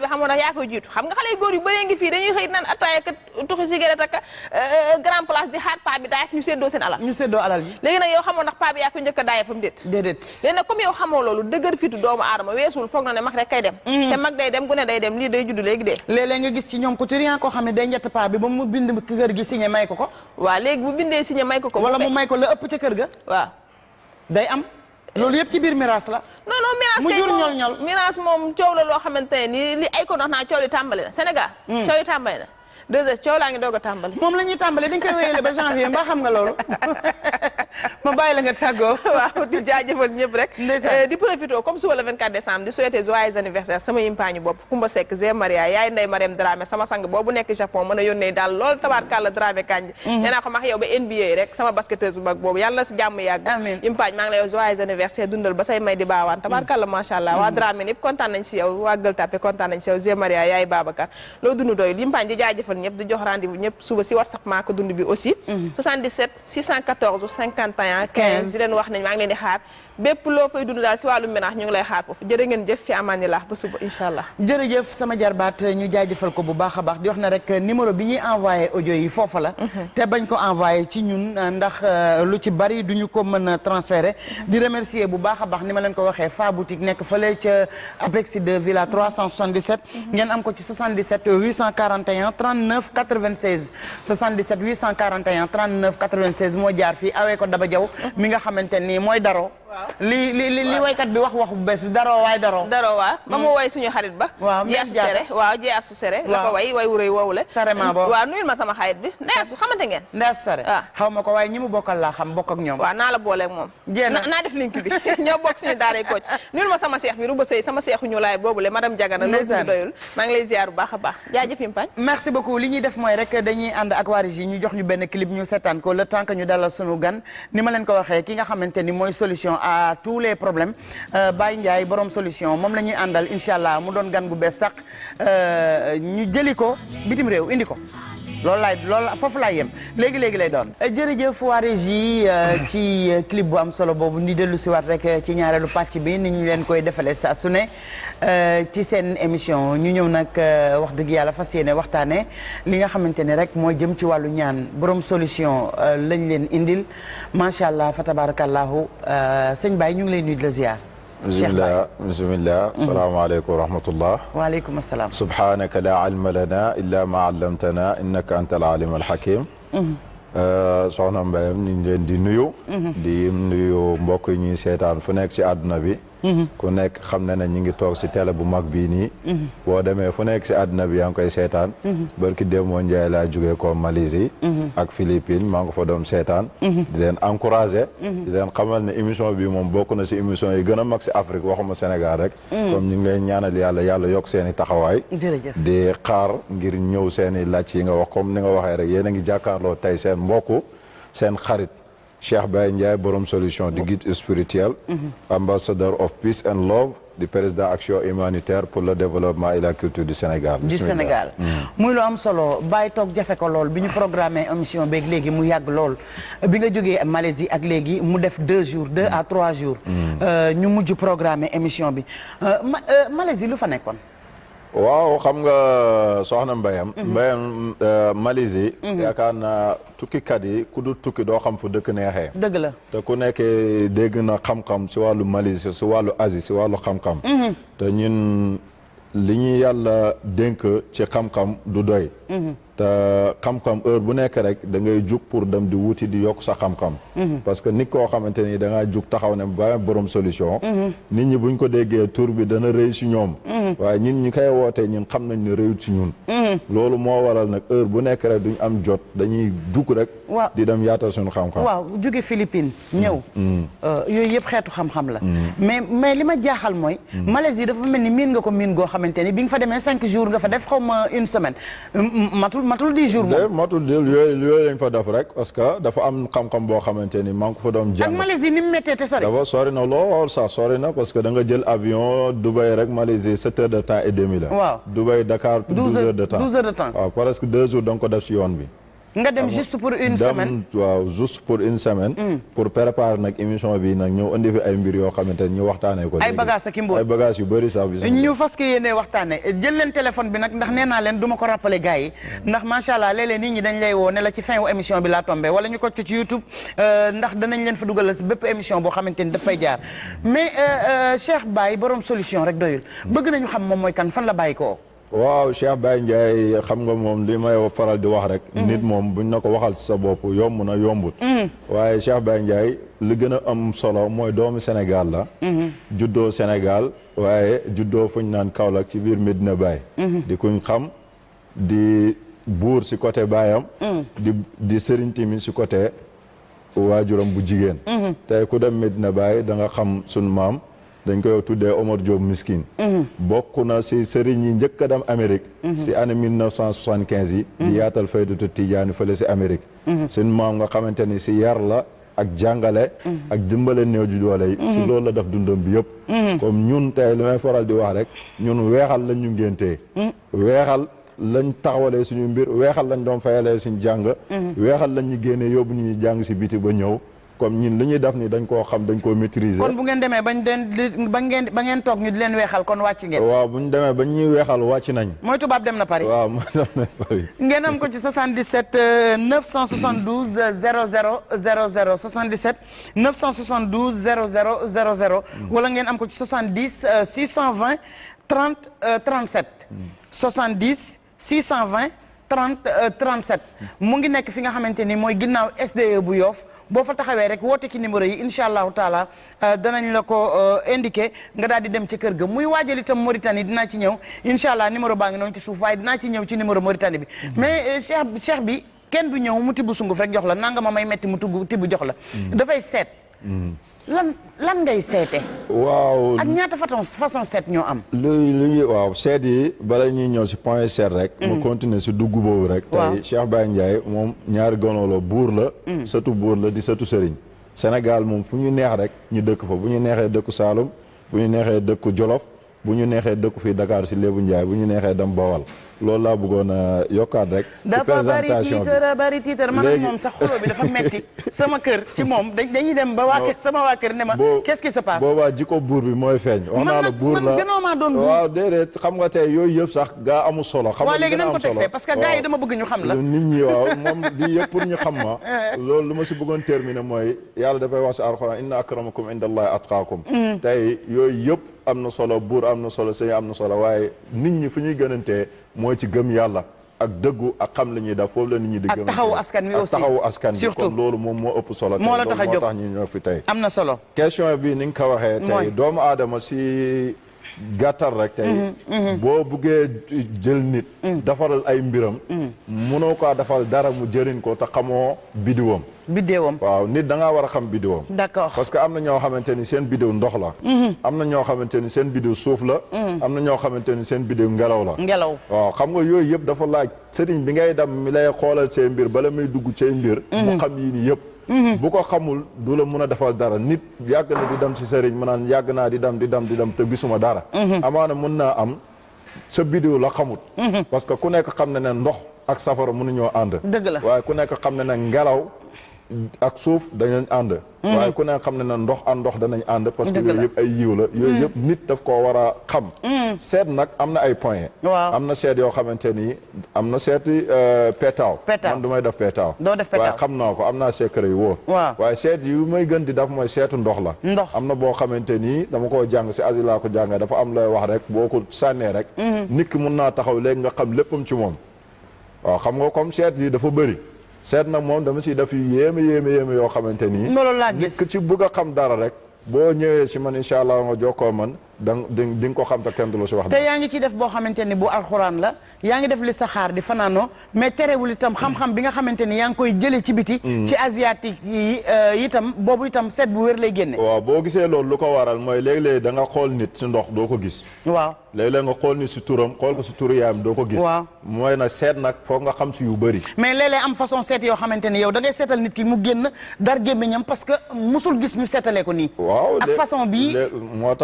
takk tuxi cigarette ak euh, grand place di xaar paa bi daayef ñu séddoo seen alal ñu séddoo alal ji léegi nag yow xamoo ndax paa bi yaa ko njëkk a daayefam déet déedéet léegi nag comme yow xamoo loolu dëgër fitu doomu aadama weesul foog na ne mag rek kay dem mhm. te mag day dem gune day dem lii day judd léegi dee léeg-léeg nga gis ci ñoom ku turian koo xam ne day njett paa bi ba mu bind kër gi signé may ko ko waaw léegi bu bindee signé may ko ko wala mu may ko la ëpp ca kër ga waaw day am loolu yëpp ci biir miraas la non non miraas mu jur ñol ñol miraas moom coow la loo xamante ni li ay ko dox naa coow li tàmbali na Sénégal mm. coow li tàmbali na 2h coow laa tàmbali. moom la ñuy tàmbali dañ koy wéyale ba janvier mbaa xam nga loolu ma bàyyi la nga tàggoo. waaw di jaajëfal ñëpp rek. Eh, di profité comme suba le 24 décembre di souhaiter joyeux anniversaire sama yimpaañu bopp Kumba Seck Zé Maria yaay Ndey Mariam Dramé sama sang boobu nekk Japon mën a yónnee daal loolu tabaarkàlla Dramé Kanji. Mhm. nee naa ko max ba NBA rek sama basketteuse bu mag boobu yàlla na si jàmm yàgg. amiin ñëpp di jox rendez-vous ñëpp suba si whatsapp maa ko dund bi aussi 77 614 51 15 di leen wax nañ maa ngi leen di xaar bépp loo fay dund daal si wàllu ménage ñu ngi lay xaar foofu jërë ngeen jëf fi amaanillah ba suba incha allah jërëjëf sama jarbaat ñu jaajëfal ko bu baax a baax di wax na rek euh, numéro bi ñuy envoyé ojo yi foofu la mhm. te bañ ko envoyé ci ñun euh, ndax euh, lu ci bari du ñu ko mën a transféré di remercier bu baax a baax ni ma leen ko waxee Fa boutique nekk fa ca Apex 2 villa 377 ngeen am ko ci 77 841 39 96 77 moo jaar fii awee ko Daba Jaw mi nga xamante ni mooy daro li li li bi wax waxu bees bi daroo waay daroo daroo waa ba mu mm. way suñu xarit ba waaw jee asu sere waaw jee asu sere la ko way way wuréy woowu le sarema bo waaw nuyul ma sama xarit bi ndeesu xamante ngeen ndees sare waaw ah. xaw ma ko waaye ñi mu laa xam bokk ak ñoom waaw naa la booleeg moom jeen naa def link bi ñoo bokk suñu daaray kooc nuyul ma sama seex bi ruba sëy sama seexu ñu laay boobu le madame jagana loolu doyul maa ngi lay ziar bu a baax yi ñu jox ñu benn clip ñu seetaan ko le temps que ñu dalal suñu gan ni ma leen ko waxee ki nga xamante ni mooy solution à tous les problèmes euh, Baye Ndiaye borom solution moom la ñuy àndal incha allah mu doon gan gu bees sax euh, ñu jëli ko bitim réew indi ko. loolu laay loolu foofu laay yem léegi léegi lay doon. Eh, jërëjëf waa régie euh, ci euh, clip bu am solo boobu ñu dellu si waat rek euh, ci ñaareelu pàcc bi ni ñu leen koy defalee sa su ne ci seen émission ñu ñëw nag wax dëgg yàlla fas yéene waxtaanee li nga xamante ne rek moo jëm ci wàllu ñaan borom solution lañ leen indil macha allah fa tabarakallahu sëñ Baye ñu ngi leen nuyu di la ziar. bismillah bismillah mm. salaamaaleykum wa rahmatullah waaleykum asalaam subhaanaka laa ilma lanaa illaa maa allamtanaa innaka anta al-aliimu al-hakiim mm-hmm. euh, soxna Mbayam ñu ngi leen di nuyu mm-hmm. di nuyu mbokk yi ñuy seetaan fu nekk ci àdduna bi ku nekk xam na ne ñu ngi toog si télé bu mag bii nii boo demee fu nekk si àddina bi yaa ngi koy seetaan barki démoo Njaay laa jugee ko Malaisie ak Philippines maa ngi fa doom seetaan di leen encouragé leen xamal ne émission bi moom bokk na si émission yi gën a mag si Afrique waxuma Sénégal rek comme ñu ngi lay ñaanal yàlla yàlla yokk seeni taxawaay di xaar ngir ñëw seeni laaj yi nga wax comme ni nga waxee rek yéen a ngi jàkkaarloo tey seen mbokk seen xarit Cheikh Baye Ndiaye borom solution du guide spirituel ambassadeur of peace and love du président action humanitaire pour le développement et la culture du Sénégal. du Sénégal mm. muy lu am solo bàyyi toog jafe ko lool bi ñu programmé émission beeg léegi mu yàgg lool bi nga jógee Malaisie ak léegi mu def deux jours deux à trois jours. Mm. Euh, ñu mujj programme émission bi euh, euh, Malaisie lu fa nekkoon. waaw xam nga euh, soxna Mbayam. Mhm. Mbayam euh, Malaisie. Mhm. yaakaar na tukkikat yi ku du tukki doo xam fu dëkk neexee. dëgg la te ku nekkee dégg na xam si wàllu Malaisie si wàllu Asie si wàllu xam-xam. Mhm. te ñun li ñu yàlla dénk ci xam-xam du doy. te xam-xam heure bu nekk rek da ngay jug pour dem di wuti di yokk sa xam-xam mhm. parce da ngaa jug taxaw ne ba borom solution mhm. nit ñi buñ ko déggee tur bi dana rëy si ñoom mhm. waaye ñun ñi koy wootee ñun xam nañ ne rëyut si ñun loolu moo waral nag heure bu nekk rek duñ am jot dañuy jug rek waaw di dem yaatal suñu xam-xam waaw jóge Philippines ñëw mm. Mm. Euh, yooyu yëpp xeetu xam-xam la mm. mais mais li ma jaaxal mooy Malaisie dafa mel ni miin nga ko miin goo xamante ni bi nga fa demee cinq jours nga fa def xaw ma une semaine matul matul 10 jours matul 10 yooyu yooyu def rek parce que dafa am xam-xam boo xamante ni maa ngi ko fa doon jàng. ak Malaisie ni mu méttee te sori. dafa sori na lool sax sori na parce que da nga jël avion Dubaï rek Malaisie 7 heures de temps et demi la. waaw Dubaï Dakar. 12 heures de heures de temps. presque 2 jours da ko def si yoon bi. nga dem ah, juste pour une semaine waaw pour une semaine. pour préparer nag émission bi nag ñëw indi fi ay mbir yoo xamante ni ñu waxtaanee ko. ay bagages ak ay bagages yu bëri sax. ñu fas yéene waxtaanee jël leen téléphone bi nag ndax nee naa leen du ma ko rappelé gars yi hmm. ndax macha allah léeg-léeg ñi dañ lay woo ne la ci fin wu émission bi laa tombé wala ñu ko ci YouTube euh, ndax danañ leen fa dugalal si bépp émission boo xamante ni dafay jaar mais euh, euh, Cheikh Baye borom solution rek doyul hmm. bëgg nañu xam moom mooy kan fan la bàyyi waaw Cheikh Baye Ndiaye xam nga moom li may faral di wax rek. Mhm. nit moom buñ na ko waxal sa bopp yomb na yombut. Mhm. waaye Cheikh Baye Ndiaye li gën a am solo mooy doomu Sénégal la. Mhm. juddoo Sénégal waaye juddoo fuñ naan Kaolack ci biir Medina Baye. di kuñ xam di buur si côté baayam. di di sëriñ timi si côté waajuram bu jigéen. tey ku dem Medina Baye da nga xam suñ maam. dañ koy tuddee Omar Diop Miskin mhm. bokk na si sëriñ yi njëkk dam dem Amérique mhm. si année mille neuf cent soixante-quinze yi di mhm. yaatal faydatu tijaani fële si Amérique seen maam nga xamante ni si yar la ak jàngale ak dimbale néew ju doole yi si loolu la def dundam bi yëpp comme ñun tey li faral di wax rek ñun weexal lañ ñu ngéntee weexal lañ taxawalee suñu mbir weexal lañ doon fayalee suñu jàng weexal lañ ñu génnee yóbbu ñu jàng si biti ba ñëw comme ñun li ñuy def ni dañ koo xam dañ koo maîtriser. kon bu ngeen demee bañ den ba ngeen ba ngeen toog ñu di leen weexal kon wàcc ngeen. waaw bu ñu demee ba ñuy weexal wàcc nañ. mooy tubaab dem na Paris. waaw mooy dem na Paris. ngeen am ko ci 77 972 00 00 77 972 00 00. wala ngeen am ko ci euh, euh, euh, mu ngi nekk fi nga xamante ni mooy ginnaaw SDE bu Yoff. boo fa taxawee rek woote ci numéro yi incha allahu taala euh, danañ la ko euh, indiqué nga daal di dem ci kër ga muy waajal itam Mauritanie dinaa ci ñëw incha allah numéro baa ngi noonu ci suuf waaye ci ñëw ci numéro Mauritanie bi mhm. mais euh, cheikh cheikh bi kenn du ñëw mu tibb sunguf rek jox la nanga ma may metti mu tibb jox la mhm. dafay seet Mm. lan lan ngay seete. waaw ak ñaata façon seet ñoo am. lu lu waaw seet yi bala ñuy ñëw si point seet rek. mu mm. continuer si dugg boobu rek. waaw tey Cheikh Baye Ndiaye moom ñaari gono buur la. Mm. sëtu buur la di sëtu sëriñ. Sénégal moom fu ñu neex rek ñu dëkk fa bu ñu neexee dëkku Saalum bu ñu neexee dëkku Jolof bu ñu neexee dëkku fii Dakar si Lébu Ndiaye bu ñu neexee dem Bawal. loolu laa bëggoon a euh, yokkaat rek. ci bi dafa bari tiitara bari tiitara moom sax xuloo dafa metti sama kër ci moom dañuy dem ba waa sama waa kër ne ma. qu'est-ce qui se passe boobaa jikko buur bi mooy feeñ. wax naa la buur la man gënoo maa xam nga tey yooyu yëpp sax gaa amul solo. xam nga léegi nañ ko texee parce que gaa yi dama bëgg ñu xam la. nit ñi waaw moom lii yëpp pour ñu xam ma. loolu lu ma si bëggoon terminer mooy yàlla dafay wax si alxuraan inna akramakum indallahi atqaakum mm. tey yooyu yëpp am na solo buur am na solo sëñ am na solo waaye nit ñi fu ñuy gënantee mooy ci gëm yàlla ak dëggu ak xam la ñuy def foofu la nit di gëm ak taxawu askan wi aussi ak taxawu askan bi kon loolu moom moo ëpp solo moo la tax a jóg moo tax ñu bi ni nga ko waxee tey doomu aadama si gàttal rek tey. Mhm, mhm. boo buggee jël nit. Mhm. defaral ay mbiram. munoo kaa defal dara mu jëriñ ko te xamoo biddiwam. biddiwam waaw nit da ngaa war xam biddiwam. d'accord parce que am na ñoo xamante ni seen biddiw ndox la. am na ñoo xamante ni seen biddiw suuf la. am na ñoo xamante ni seen biddiw ngelaw la. ngelaw waaw xam nga yooyu yëpp dafa laaj sëriñ bi ngay dem mi lay xoolal say mbir bala muy dugg say mbir. mu xam yii nii yëpp. Mm-hmm. bu ko xamul du la mën a defal dara nit yàgg na di dem si sëriñ mu naan yàgg naa di dem di dem di dem te gisuma dara mm-hmm. amaana mën naa am sa bidéo la xamut mm-hmm. parce que ku nekk xam ne ne ndox ak safara mënuñoo ànd dëgg la waaye ku nekk xam ne ne ngelaw ak suuf danañ ànd mm. waaye ku ne xam ne na ndox a ndox danañ ànd parce que yooyu yëpp ay yiw la yooyu mm. yëpp nit daf koo war a xam mm. seet nag am na ay point waaw am na seet yoo xamante ni am na seeti euh, peetaaw man du may def peetaaw doo def peetaaw waaye xam naa ko am naa secret yu wóor waaw seet yi may gën di daf mooy seetu ndox la ndox am na boo xamante nii dama koo jàng si asi laa ko jàngee dafa am lay wax rek boo ko sànnee rek mm-hmm. nit ki mun naa taxaw léegi nga xam léppam ci moom waaw xam nga comme seet yi dafa bëri seet nag moom dama si def yu yéeme yéeme yéeme yoo xamante nii loolu laa gis ci bëgg a xam dara rek boo ñëwee si man incha allah nga jokkoo man da di di xam te kenn du la si wax. te yaa ngi ci def boo xamante ni bu alxuraan la yaa ngi def li saxaar di fanaanoo mais terewul itam xam-xam bi nga xamante ni yaa ngi koy jëlee ci biti. Mm. ci asiatique yi euh, itam boobu itam seet bu wér lay génne. waaw boo gisee loolu lu ko waral mooy léeg-léeg da nga xool nit ci ndox doo ko gis. waaw léeg-léeg nga xool nit si turam xool ko si turu yaayam doo ko gis. waaw mooy na seet nag foog nga xam si yu bëri. mais léeg-léeg am façon seet yoo xamante ni yow da seetal nit ki mu génn dar gémmiñam parce que musul gis ñu seetalee ko nii. waaw ak façon bi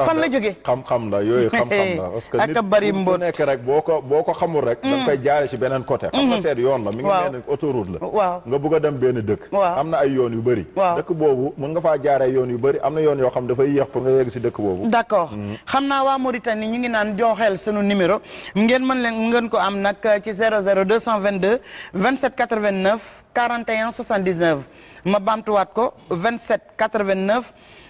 fan la jógee xam-xam la yooyu xam-xam la parce que nit bari mbóot nekk rek boo ko boo ko xamul rek da mm. koy jaare ci beneen côté xam nga mm-hmm. seet yoon la mi ngi mel ni autoroute dem benn dëkk am na ay yoon yu bëri dëkk boobu mën nga faa jaaree yoon yu bëri am na yoon yoo xam dafay yéex pour nga yegg ci dëkk boobu d'accord mm-hmm. xam naa waa Mauritanie ñu ngi naan joxeel sunu numéro ngeen mën leen ngeen ko am nag ci 00 222 27 89 41 79 ma baamtuwaat ko 27 89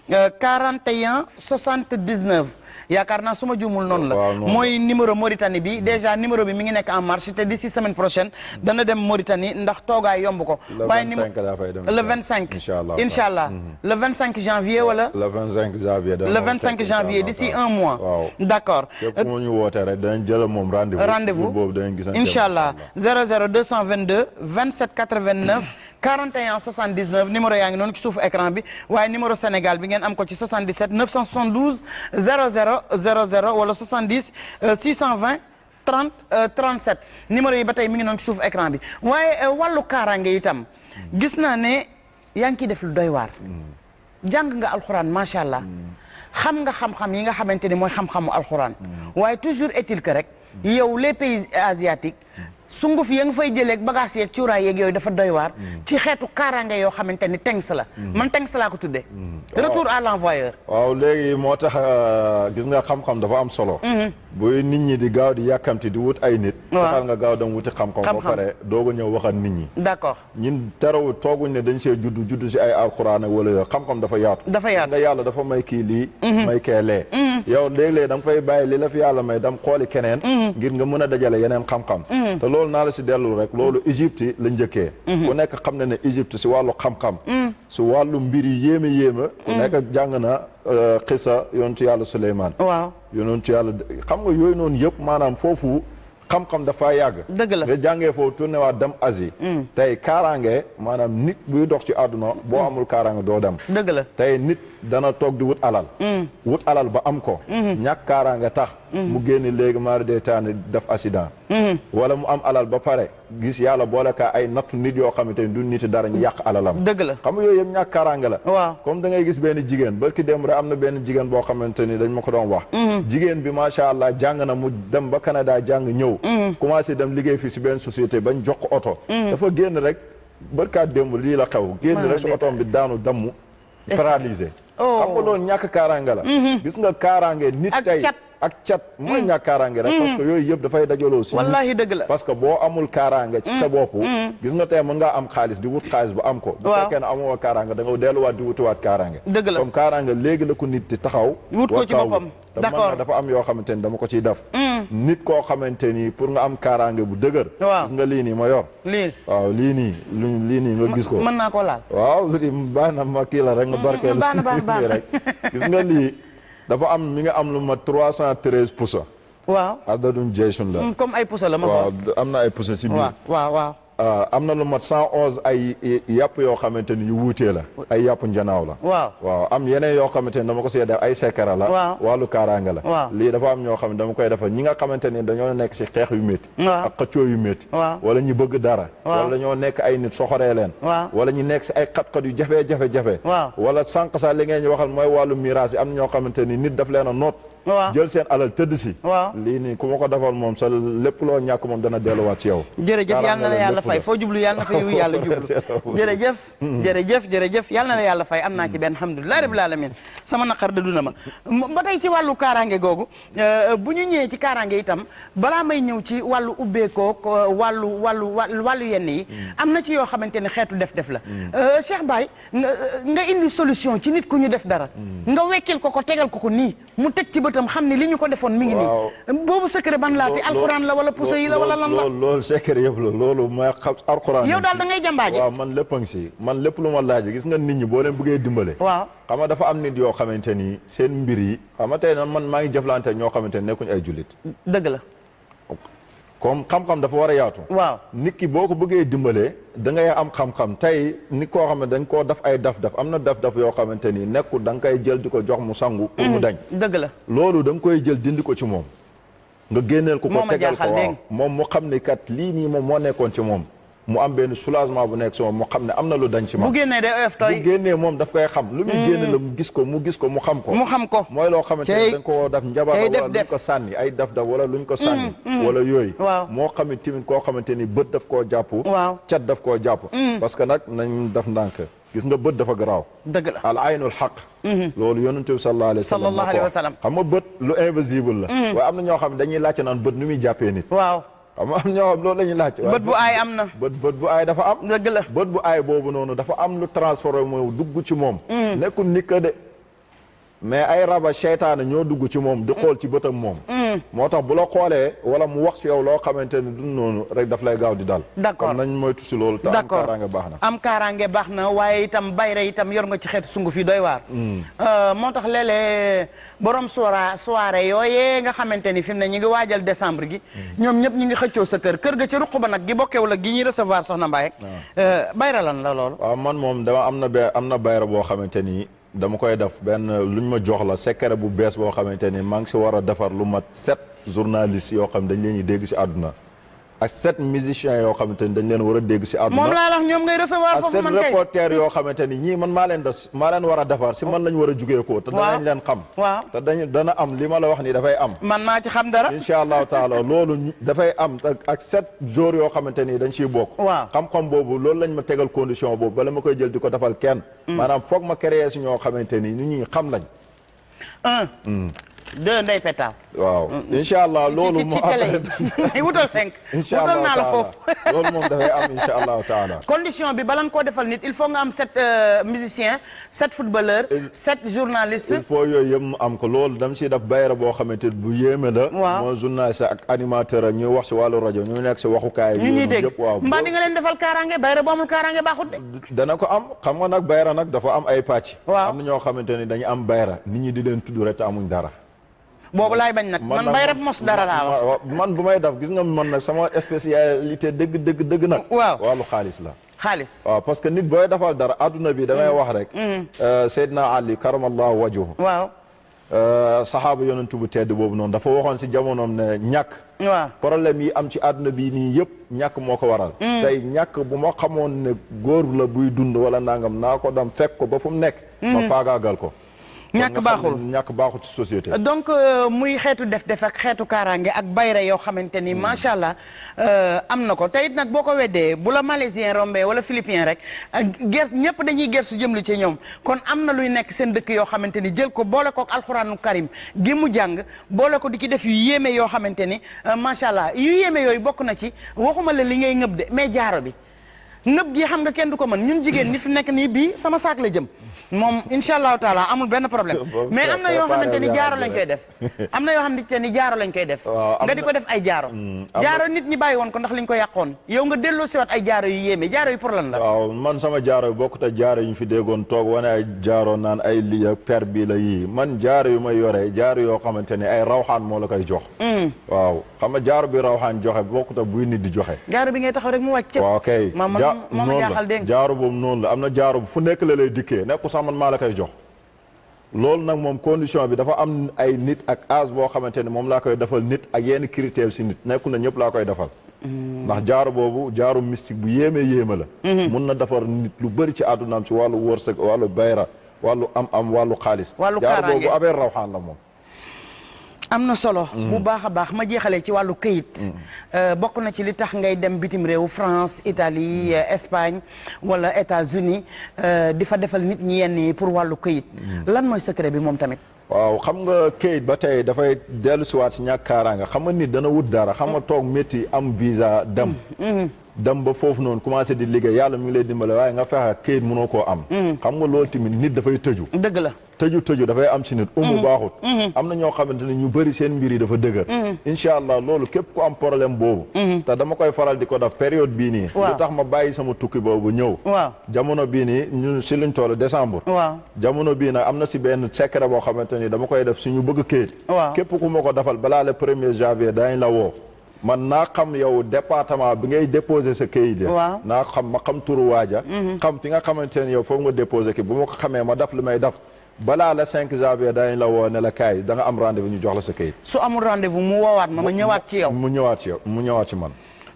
41 79 yaakaar naa su ma juumul noonu la mooy numéro Mauritanie bi déjà numéro bi mi ngi nekk en marche te d'ici semaine prochaine dana dem Mauritanie ndax toogaay yomb ko waaye le 25 incha allah mhm. le 25 janvier wala le 25 janvier le 25 janvier d'ici un mois d'accord képp mu ñu woote rek danañ jël moom rendez-vous rendez-vous boobu danañ gis incha allah 00 222 27 89 ci suufu Sénégal bi ngeen am ko ci 77 972 00 wala 70 620 30 37 numéro yi ba tey mi ngi noonu ci suuf écran bi waaye euh, wàllu kaaraange itam gis naa ne yaa ngi ciy def lu doy waar jàng nga alxuraan macha allah xam nga xam-xam yi nga xamante ni mooy xam-xamu mm. waaye toujours est-il que rek yow pays asiatiques sunguf ya nga fay jëlee ak bagages yeeg cuuraay yeeg yooyu dafa doy waar. Mm. ci xeetu kaaraange yoo xamante ni tengs la. Mm. man tengs laa ko tuddee. Mm. retour à l'envoyeur. waaw léegi moo tax euh, gis nga xam-xam dafa am solo. Mm-hmm. buy nit ñi di gaaw di yàkkamti di wut ay nit. waaw nga gaaw dem wuti xam-xam. ba pare doog a ñëw waxal nit ñi. d'accord ñun taraw tooguñ ne dañ se juddu juddu si ay alxuraan wala yoo xam-xam dafa yaatu. dafa yaatu nga yàlla dafa may kii lii. Mm-hmm. may kee lee. Mm-hmm. yow léeg-léeg da nga fi yàlla may dam xooli keneen. ngir nga mën a dajale yeneen xam loolu naa la si dellu rek loolu Égypte la njëkkee mhm. ku nekk xam na ne Égypte si wàllu xam-xam mhm. si wàllu mbir yi yéeme yéeme ku mhm. nekk jàng na euh, xisa yonentu yàlla Suleymaan waaw yonentu yàlla xam nga yooyu noonu yëpp maanaam foofu xam-xam dafa yàgg. dëgg la nga jàngee foofu tourné dem Asie. Mm. tey kaaraange maanaam nit buy dox ci àdduna. boo mm. amul kaaraange doo dem. dëgg la tey nit dana toog di wut alal. Mm. wut alal ba am ko. ñàkk kaaraange tax. mu génn léegi mari de taani def accident. wala mu am alal ba pare gis yàlla boole ka ay nattu nit yoo xamante ni du nit dara ñu yàq alalam. dëgg la xam nga yooyu yëpp ñàkk la. waaw comme da ngay gis benn jigéen barki dem rek am na benn jigéen boo xamante ni dañ ma ko doon wax. Mm-hmm. jigéen bi macha allah jàng na mu dem ba Canada jàng ñëw. ñëw mm. commencé dem liggéey fii si benn société ba jox ko oto mm. dafa génn rek barkaat démb lii la xew génn rek si otoom bi daanu damm paralysé oh. xam nga loolu ñàkk kaaraange la mm-hmm. gis nga kaaraange nit tey ak cat mooy mm. ñàkk kaaraange rek parce que mm. yooyu yëpp dafay dajaloo si wallaahi dëgg la parce que boo amul kaaraange ci sa mm. bopp gis nga tey mën ngaa am xaalis di wut xaalis ba am ko bu fekkee ne amoo kaaraange da nga delluwaat di wutiwaat kaaraange dëgg la comme kaaraange léegi la ko nit di taxaw wut ko ci boppam d'accord dafa am yoo xamante ni dama ko ciy def nit koo xamante ni pour nga am kaaraange bu dëgër waaw gis nga lii nii ma yor lii waaw lii nii nii nga gis ko mën naa ko laal waaw lii baax na ma kii la rek nga barkeel rek gis nga lii dafa am mi nga am lu ma trois cent treize poussa. waaw as da dun jeexun la. Hmm, comme ay poussa la ma. waaw am na ay poussa si biir. waaw. Euh, am na lu mat cent onze ay yàpp yoo xamante ni yu wuutee la ay yàpp njanaaw la waaw waaw am yeneen yoo xamante ni dama ko see def ay sekara la waaw wàllu kaaraange la waaw lii dafa am ñoo xam ne dama koy defal ñi nga xamante ni dañoo nekk si xeex yu métti ak xëccoo yu métti wala ñu bëgg dara wala dañoo nekk ay nit soxoree leen wala ñu nekk si ay xat-xat yu jafe-jafe-jafe wala sànq sax li ngeen ñu waxal mooy wàllu miraas am ñoo xamante ni nit daf leen a noot jël seen alal tëdd si waaw lii nii ku ma ko defal moom sa lépp loo ñàkk moom dana delluwaat ci yow jërëjëf yal na la yàlla fay foo jublu yal na fa yiw yàlla jublu mm-hmm. jërëjëf jërëjëf jërëjëf yal na la yàlla fay am naa ci benn alhamdulilah rabbil alamin sama naqar da ma ba ci wàllu kaaraange googu euh, bu ñu ñëwee ci kaaraange tam balaa may ñëw ci wàllu ubbeekook euh, wàllu wàllu wàllu yenn yi mm. am na ci yoo xamante ne xeetu def def la mm. euh, Cheikh Baye nga indi solution ci nit ku ñu def dara mm. bëtam xam ni li ñu ko defoon mi ngi nii boobu secret ban laati alxuraan la wala pousse yi la wala lan la loolu secret yëpp la loolu ma xam daal da ngay jàmbaaje waaw man lépp a ngi si man lépp lu ma laaj gis nga nit ñi boo leen bëggee dimbale waaw xam nga dafa am nit yoo xamante ni seen mbir yi xam nga tey man maa ngi jëflante ñoo xamante ni nekkuñ ay jullit dëgg la comme xam-xam dafa war a yaatu. waaw nit ki boo ko bëggee dimbalee dangay am xam-xam tey ni koo xam ne dañ koo daf ay daf-daf am na daf-daf yoo xamante ni nekkul da nga koy jël di ko jox mu sangu. pour mu mm-hmm. dañ dëgg la. loolu da koy jël dindi ko ci moom. nga génneel ko ko tegal ko waaw moom mu xam ne kat lii nii moom moo nekkoon ci moom. mu am benn soulagement bu nekk si moom mu xam ne am na lu dañ ci moom. bu génnee day oyof tooy bu moom daf koy xam. lu muy la mu gis ko mu gis ko mu xam ko. mu xam ko mooy loo xamante ne dañ ko daf njabaar wala luñ ko sànni ay daf daf wala luñ ko mm, sànni. Mm. wala yooyu. waaw moo xamit tamit koo xamante ni bët daf koo jàpp. waaw cat daf koo jàpp. Mm. parce que nag nañ daf ndànk. gis nga bët dafa garaaw. dëgg la al aynul xaq. Mm-hmm. loolu yonent bi sallallahu alayhi wa sallam. xam nga bët lu invisible la. waaye am na ñoo xam ne dañuy laajte naan bët nu muy jàppee nit. xam am ñoo xam loolu la ñuy laaj. bët bu aay am na bët bët bu aay dafa am. dëgg la bët bu aay boobu noonu dafa am lu transformé wu dugg ci moom. Mm. nekkul ni de mais ay raba seytaane ñoo dugg ci moom. di xool ci bëtam moom. Mm. moo tax bu la xoolee wala mu wax si yow loo xamante ne du noonu rek daf lay gaaw di daal d'accord kon nañ moytu si loolu te am kaaraange baax na am kaaraange baax na waaye itam bayre itam yor nga ci xeetu sungu fi doy waar hmm. euh, moo tax léeg-léeg borom soora soirée yooyee nga xamante ni fi mu ne ñu ngi waajal décembre gi hmm. ñoom ñëpp ñu ngi xëccoo sa kër kër ga ca ruq ba nag gi bokkeew la gi ñuy recevoir soxna Mbaye ah. euh, bayra lan la loolu waaw ah, man moom dama am na am na bayra boo xamante ni dama koy def benn lu ñu ma jox la secret bu bees boo xamante ni maa ngi si war a defar lu mat sept journalistes yoo xam dañ leen di dégg si àdduna ak sept musiciens yoo xamante ni dañ leen war a dégg si àdduna moom laa wax ñoom ngay recevoir foofu man kay ak sept reporters yoo xamante ni ñii man maa leen des maa leen war a defar si man lañ war a jugee ko te danañ leen xam waaw te dañ dana am li ma la wax ni dafay am man maa ci xam dara incha allahu taala loolu dafay am ak sept jours yoo xamante ni dañ siy bokk waaw xam-xam boobu loolu lañ ma tegal condition boobu bala ma koy jël di ko defal kenn mm. maanaam foog ma créer si ñoo xamante ni ñu ñuy xam lañ deux Ndeye Pétaw. waaw incha allah loolu moo. ci wutal cinq. incha allah wutal naa la foofu. loolu moom dafay am incha allah taala. condition bi balan koo defal nit il faut nga am sept euh, musiciens sept footballeurs. sept journalistes. il faut yooyu yëpp mu am ko loolu dam si daf bayra boo xamante ni bu yéeme la. waaw moo journaliste ak animateur ak ñuy wax si wàllu rajo ñu nekk si waxukaay. ñu ñuy dégg mbaa di nga leen defal kaaraange bayra bu amul kaaraange baaxut de. dana ko am xam nga nag bayra nag dafa am ay pàcc. waaw am ñoo xamante ni dañu am bayra nit ñi di leen tudd amuñ dara. boobu laay bañ nag man bay rab mos dara laa wax man bu may daf gis nga man na sama spécialité dëgg dëgg dëgg nag waaw wàllu xaalis la xaalis parce que nit booy dafal dara adduna bi damay mm. wax rek mm. euh, Seydina Ali karamallahu wajhu waaw euh, saxaaba yonentu bu tedd boobu noonu dafa waxoon si jamonoom ne ñàkk waaw problème yi am ci adduna bi nii yëpp ñàkk moo ko waral mm. tey ñàkk bu ma xamoon ne góor la buy dund wala nangam naa ko dam fekk ko ba fu mu nekk ma faagaagal ko ñàkk baaxul ñàkk baaxul ci société donc euh, muy xeetu def-def ak xeetu kaaraange ak bayra yoo xamante ni hmm. macha allah euh, am na ko teyit nag boo ko weddee bu la malaisien rombé wala philippien rek gers ñëpp dañuy gersu jëmlu ci ñoom kon am na luy nekk seen dëkk yoo xamante ni jël ko boole ko alxuraanu karim gi mu jàng boole ko di ci def yu yéeme yoo xamante ni euh, macha allah yu yéeme yooyu bokk na ci waxuma la li ngay ngëb de mais jaaro bi nëb gi xam nga kenn du ko mën ñun jigéen ñi fi nekk nii bii sama saak la jëm moom incha allahu taala amul benn problème mais am na yoo xamante ni jaaro lañ koy def na yoo xamante ni jaaro nga di ko def ay jaaro hmm, jaaro ko ndax liñ ko yàqoon yow nga delloo siwaat ay jaaro yu yéeme jaaro yu pour lan la waaw man sama jaaro yu bokkut ak jaaro yu ñu fi déggoon toog wane ay jaaro naan ay lii per bi la yii man jaaro yu ma yore jaaro yoo xamante ni ay rawxaan moo la koy jox hmm. waaw xam nga jaaro bi rawxaan joxe bokkut ak buy nit di joxe jaaro bi ngay taxaw rek moom moom la jaaxal boobu noonu la am na jaaru fu nekk la lay dikkee nekku ku man maa la koy jox loolu nag moom condition bi dafa am ay nit ak âge boo xamante ne moom laa koy defal nit ak yenn critères si nit nekku na ñëpp laa koy defal hmm. ndax jaaru boobu jaaro mystique bu yéeme yéeme la hmm. mun na defar nit lu bari ci àddunaam si wàllu wërsëg wàllu bayra wàllu am am wàllu xaalis jaaru boobu affaire rawxaan la moom am na solo. Mm. bu baax a baax ma jeexalee ci wàllu këyit. Mm. Euh, bokk na ci li tax ngay dem bitim réew France Italie mm. euh, Espagne wala États-Unis euh, di fa defal nit ñi yenn yi pour wàllu këyit. lan mooy secret bi moom tamit. waaw xam nga kayit ba tey dafay dellusiwaat si ñàkk kaaraanga xam nga nit dana wut dara xam toog métti am visa dem. dem ba foofu noonu commencé di liggéey yàlla mu ngi lay dimbale waaye nga fexe këyit mënoo koo am mm. xam nga loolu tamit nit dafay tëju dëgg la tëju tëju dafay am si nit umu mm-hmm. baaxut mm-hmm. am na ñoo xamante ne ñu bëri seen mbir yi dafa dëgër mm-hmm. incha allah loolu képp ku am problème boobu te dama koy faral di ko def période bii nii lu tax ma bàyyi sama tukki bu ñëw waaw jamono bii nii ñun si luñ toll décembre waaw jamono bii nag am na si benn secret boo xamante ni dama koy def suñu bëgg këyit waaw képp ku ma ko defal balaa le premier janvier daañ la woo man naa xam yow département bi ngay déposé sa kayit ya waaw naa xam ma xam turu waaja mhm. xam fi nga xamante ne yow foog nga déposé ki bu ma ko xamee ma daf li may daf balaa la 5 janvier dañ la woo ne la kaay da nga am rendez-vous ñu jox sa kayit su amul rendez-vous mu woowaat ma ma ñëwaat ci yow mu ñëwaat ci yow mu ñëwaat ci man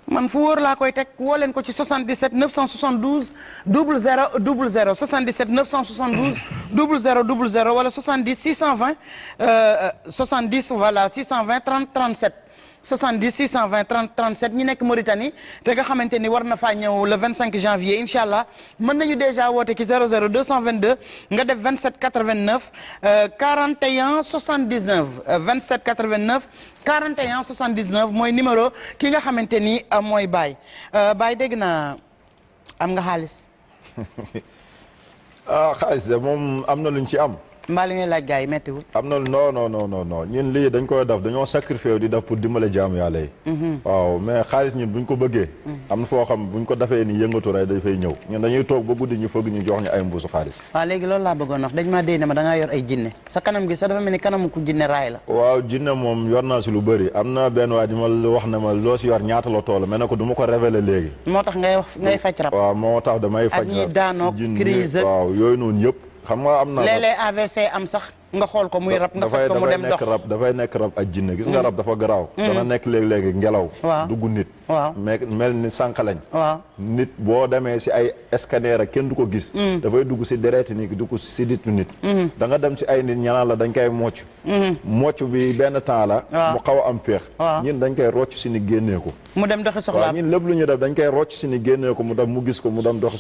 man fu wóor laa koy teg woo leen ko ci 77 972 00 00 77 972 00 00 wala 70 620 70 voilà 620 70 620 30 ñi nekk Mauritanie te nga xamante ni war na faa ñëw le 25 janvier incha allah mën nañu déjà woote ci 00 222 nga def 27 89 41 79 27 89 41 79 mooy numéro ki nga xamante ni euh, mooy Baye euh, Baye dégg naa am nga xaalis. ah xaalis moom am na luñ ci am. mbaa li ngay laaj gars yi méttiwul am na non non non non non ñun lii dañ koy def dañoo sacrifié di mhm. mhm. foo xam buñ ko defee ni yëngatu rek dafay ñëw ñun dañuy toog ba guddi jox ñu ay mbuusu xaalis waaw léegi loolu laa bëggoon wax dañ maa lu bëri am na benn waa wax ne loo si yor ñaata la toll mais ne ko ko révéler léegi moo tax ngay ngay faj yooyu noonu yëpp xam am na léeg-léeg AVC am sax nga xool ko muy rab nga fekk ko mu dem dox dafay nekk rab ak jinne gis nga mm. rab dafa garaaw mm. dana nekk léeg-léegi ngelaw dugg nit waaw mais mel ni sànq lañ. waaw nit boo demee si ay scanner ak kenn du ko gis. Mm. dafay dugg si deret ni dugg si ditu nit. Mm. da nga dem si ay nit ñanaan la dañ koy mocc. Mm. mocc bi benn temps la. mu xaw a am féex. ñin dañ koy rocc si ni génnee ko. mu dem doxi soxla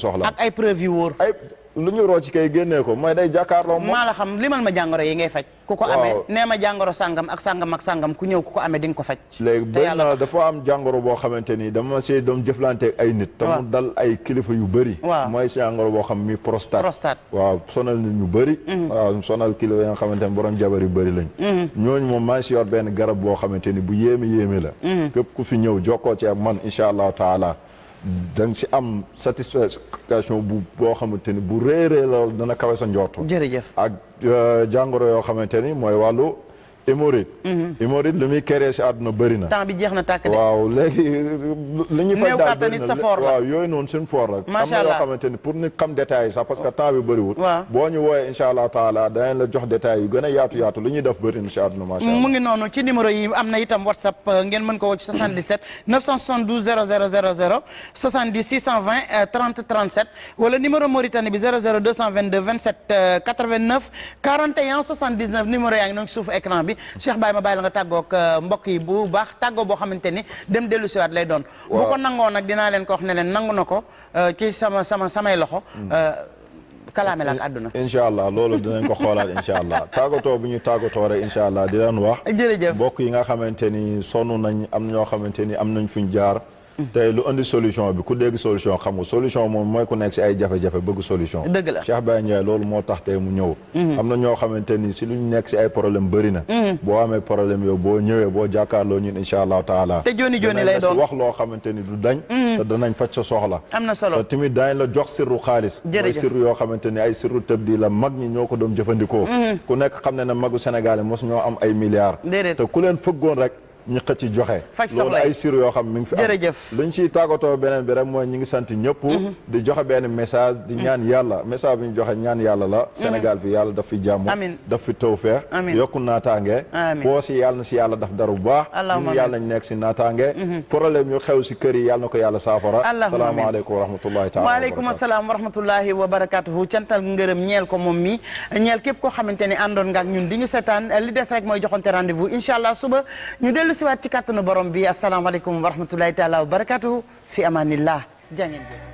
waaw ak ay preuve yu ay lu ñu rocc kay génnee ko mooy day jàkkaarloo. moom maa la xam limal ma jàngoro yi ngay faj. ku ko amee nee ma jàngoro sàngam ak sàngam ak sàngam ku ñëw ku ko amee di nga ko faj. léegi dafa am jàngoro boo xamante ni dama see doom jëflante ay nit. te mu dal ay kilifa yu bëri. waaw mooy jàngoro boo xam mi prostate. prostate waaw sonal nit ñu bëri. Mhm. waaw sonal kilifa yi nga xamante ni borom jabar yu bëri lañ. Mhm. ñooñu moom maa si yor benn garab boo xamante ni bu yéeme yéeme la. Mhm. képp ku fi ñëw jokkoo ci man incha allahu taala. da nga si am satisfaction bu boo xamante ni bu réeree loolu dana kawe sa njort. jërëjëf ak euh, jàngoro yoo xamante ni mooy wàllu. hémorroïde. hémorroïde mhm. lu muy keree si àdduna bëri na. temps bi jeex na tàkk de. waaw léegi li ñuy fay daal bëri na waaw yooyu noonu suñu for la. macha allah am allah taala danañ la jox détails yu gën a yaatu yaatu li ñuy def si àdduna macha allah. mu ngi noonu ci numéro yi am na itam whatsapp euh, ngeen mën ko woo ci 77 972 0000 yaa ngi noonu ci écran bi Cheikh ma bàyyi la nga tàggoog euh, mbokk yi bu baax tàggoo boo xamante ni dem dellu siwaat lay doon bu ko nangoo nag dinaa leen ko wax ne leen nangu na ko euh, ci sama sama samay loxo hmm. euh, kalaame la ak àdduna incha allah loolu dinañ ko xoolaat incha allah tàggatoo bu ñu tàggatoo rek incha allah di leen wax jërëjëf mbokk yi nga xamante ni sonn nañ am na ñoo xamante ni am nañ fuñ jaar tey lu andi solution bi ku dégg solution xam nga solution moom mooy ku nekk si ay jafe-jafe bëgg solution dëgg la Cheikh Baye tax tey mu ñëw mhm. am na ñoo xamante ni si lu ñu nekk si ay problème bëri na mhm. boo amee problème yow boo ñëwee boo jàkkaarloo ñun incha allahu taala te jooni jooni lay doon wax loo xamante ni du dañ mhm. te danañ faj sa soxla am na solo te daañ la jox sirru xaalis mooy sirru yoo xamante ni ay sirru tëb di la mag ñi ñoo ko doon jëfandikoo ku nekk xam ne na magu Sénégal yi mos ñoo am ay milliards te ku leen fëggoon rek ñi xëcc joxe. faj loolu ay sur yoo xam ñu mhm. di joxe benn message di mhm. ñaan yàlla message la. Mhm. Sénégal bi yàlla daf fi jàmm. amiin daf na si yàlla daf dara bu baax. allahumma yàlla nañ nekk si naataange. problème yu xew si kër yi yàlla na ko yàlla saafara. allahumma amiin salaamaaleykum wa rahmatulahi taala. waaleykum salaam wa rahmatulahi wa barakatuhu cantal ngërëm ñeel ko moom mi ñeel képp koo xamante ni àndoon nga ak ñun ñu seetaan li des rek mooy joxante rendez-vous suba siwaat ci kàttanu borom bi asalaamaaleykum wa rahmatulahi taala wa barakatuhu fi amanillah jàngeen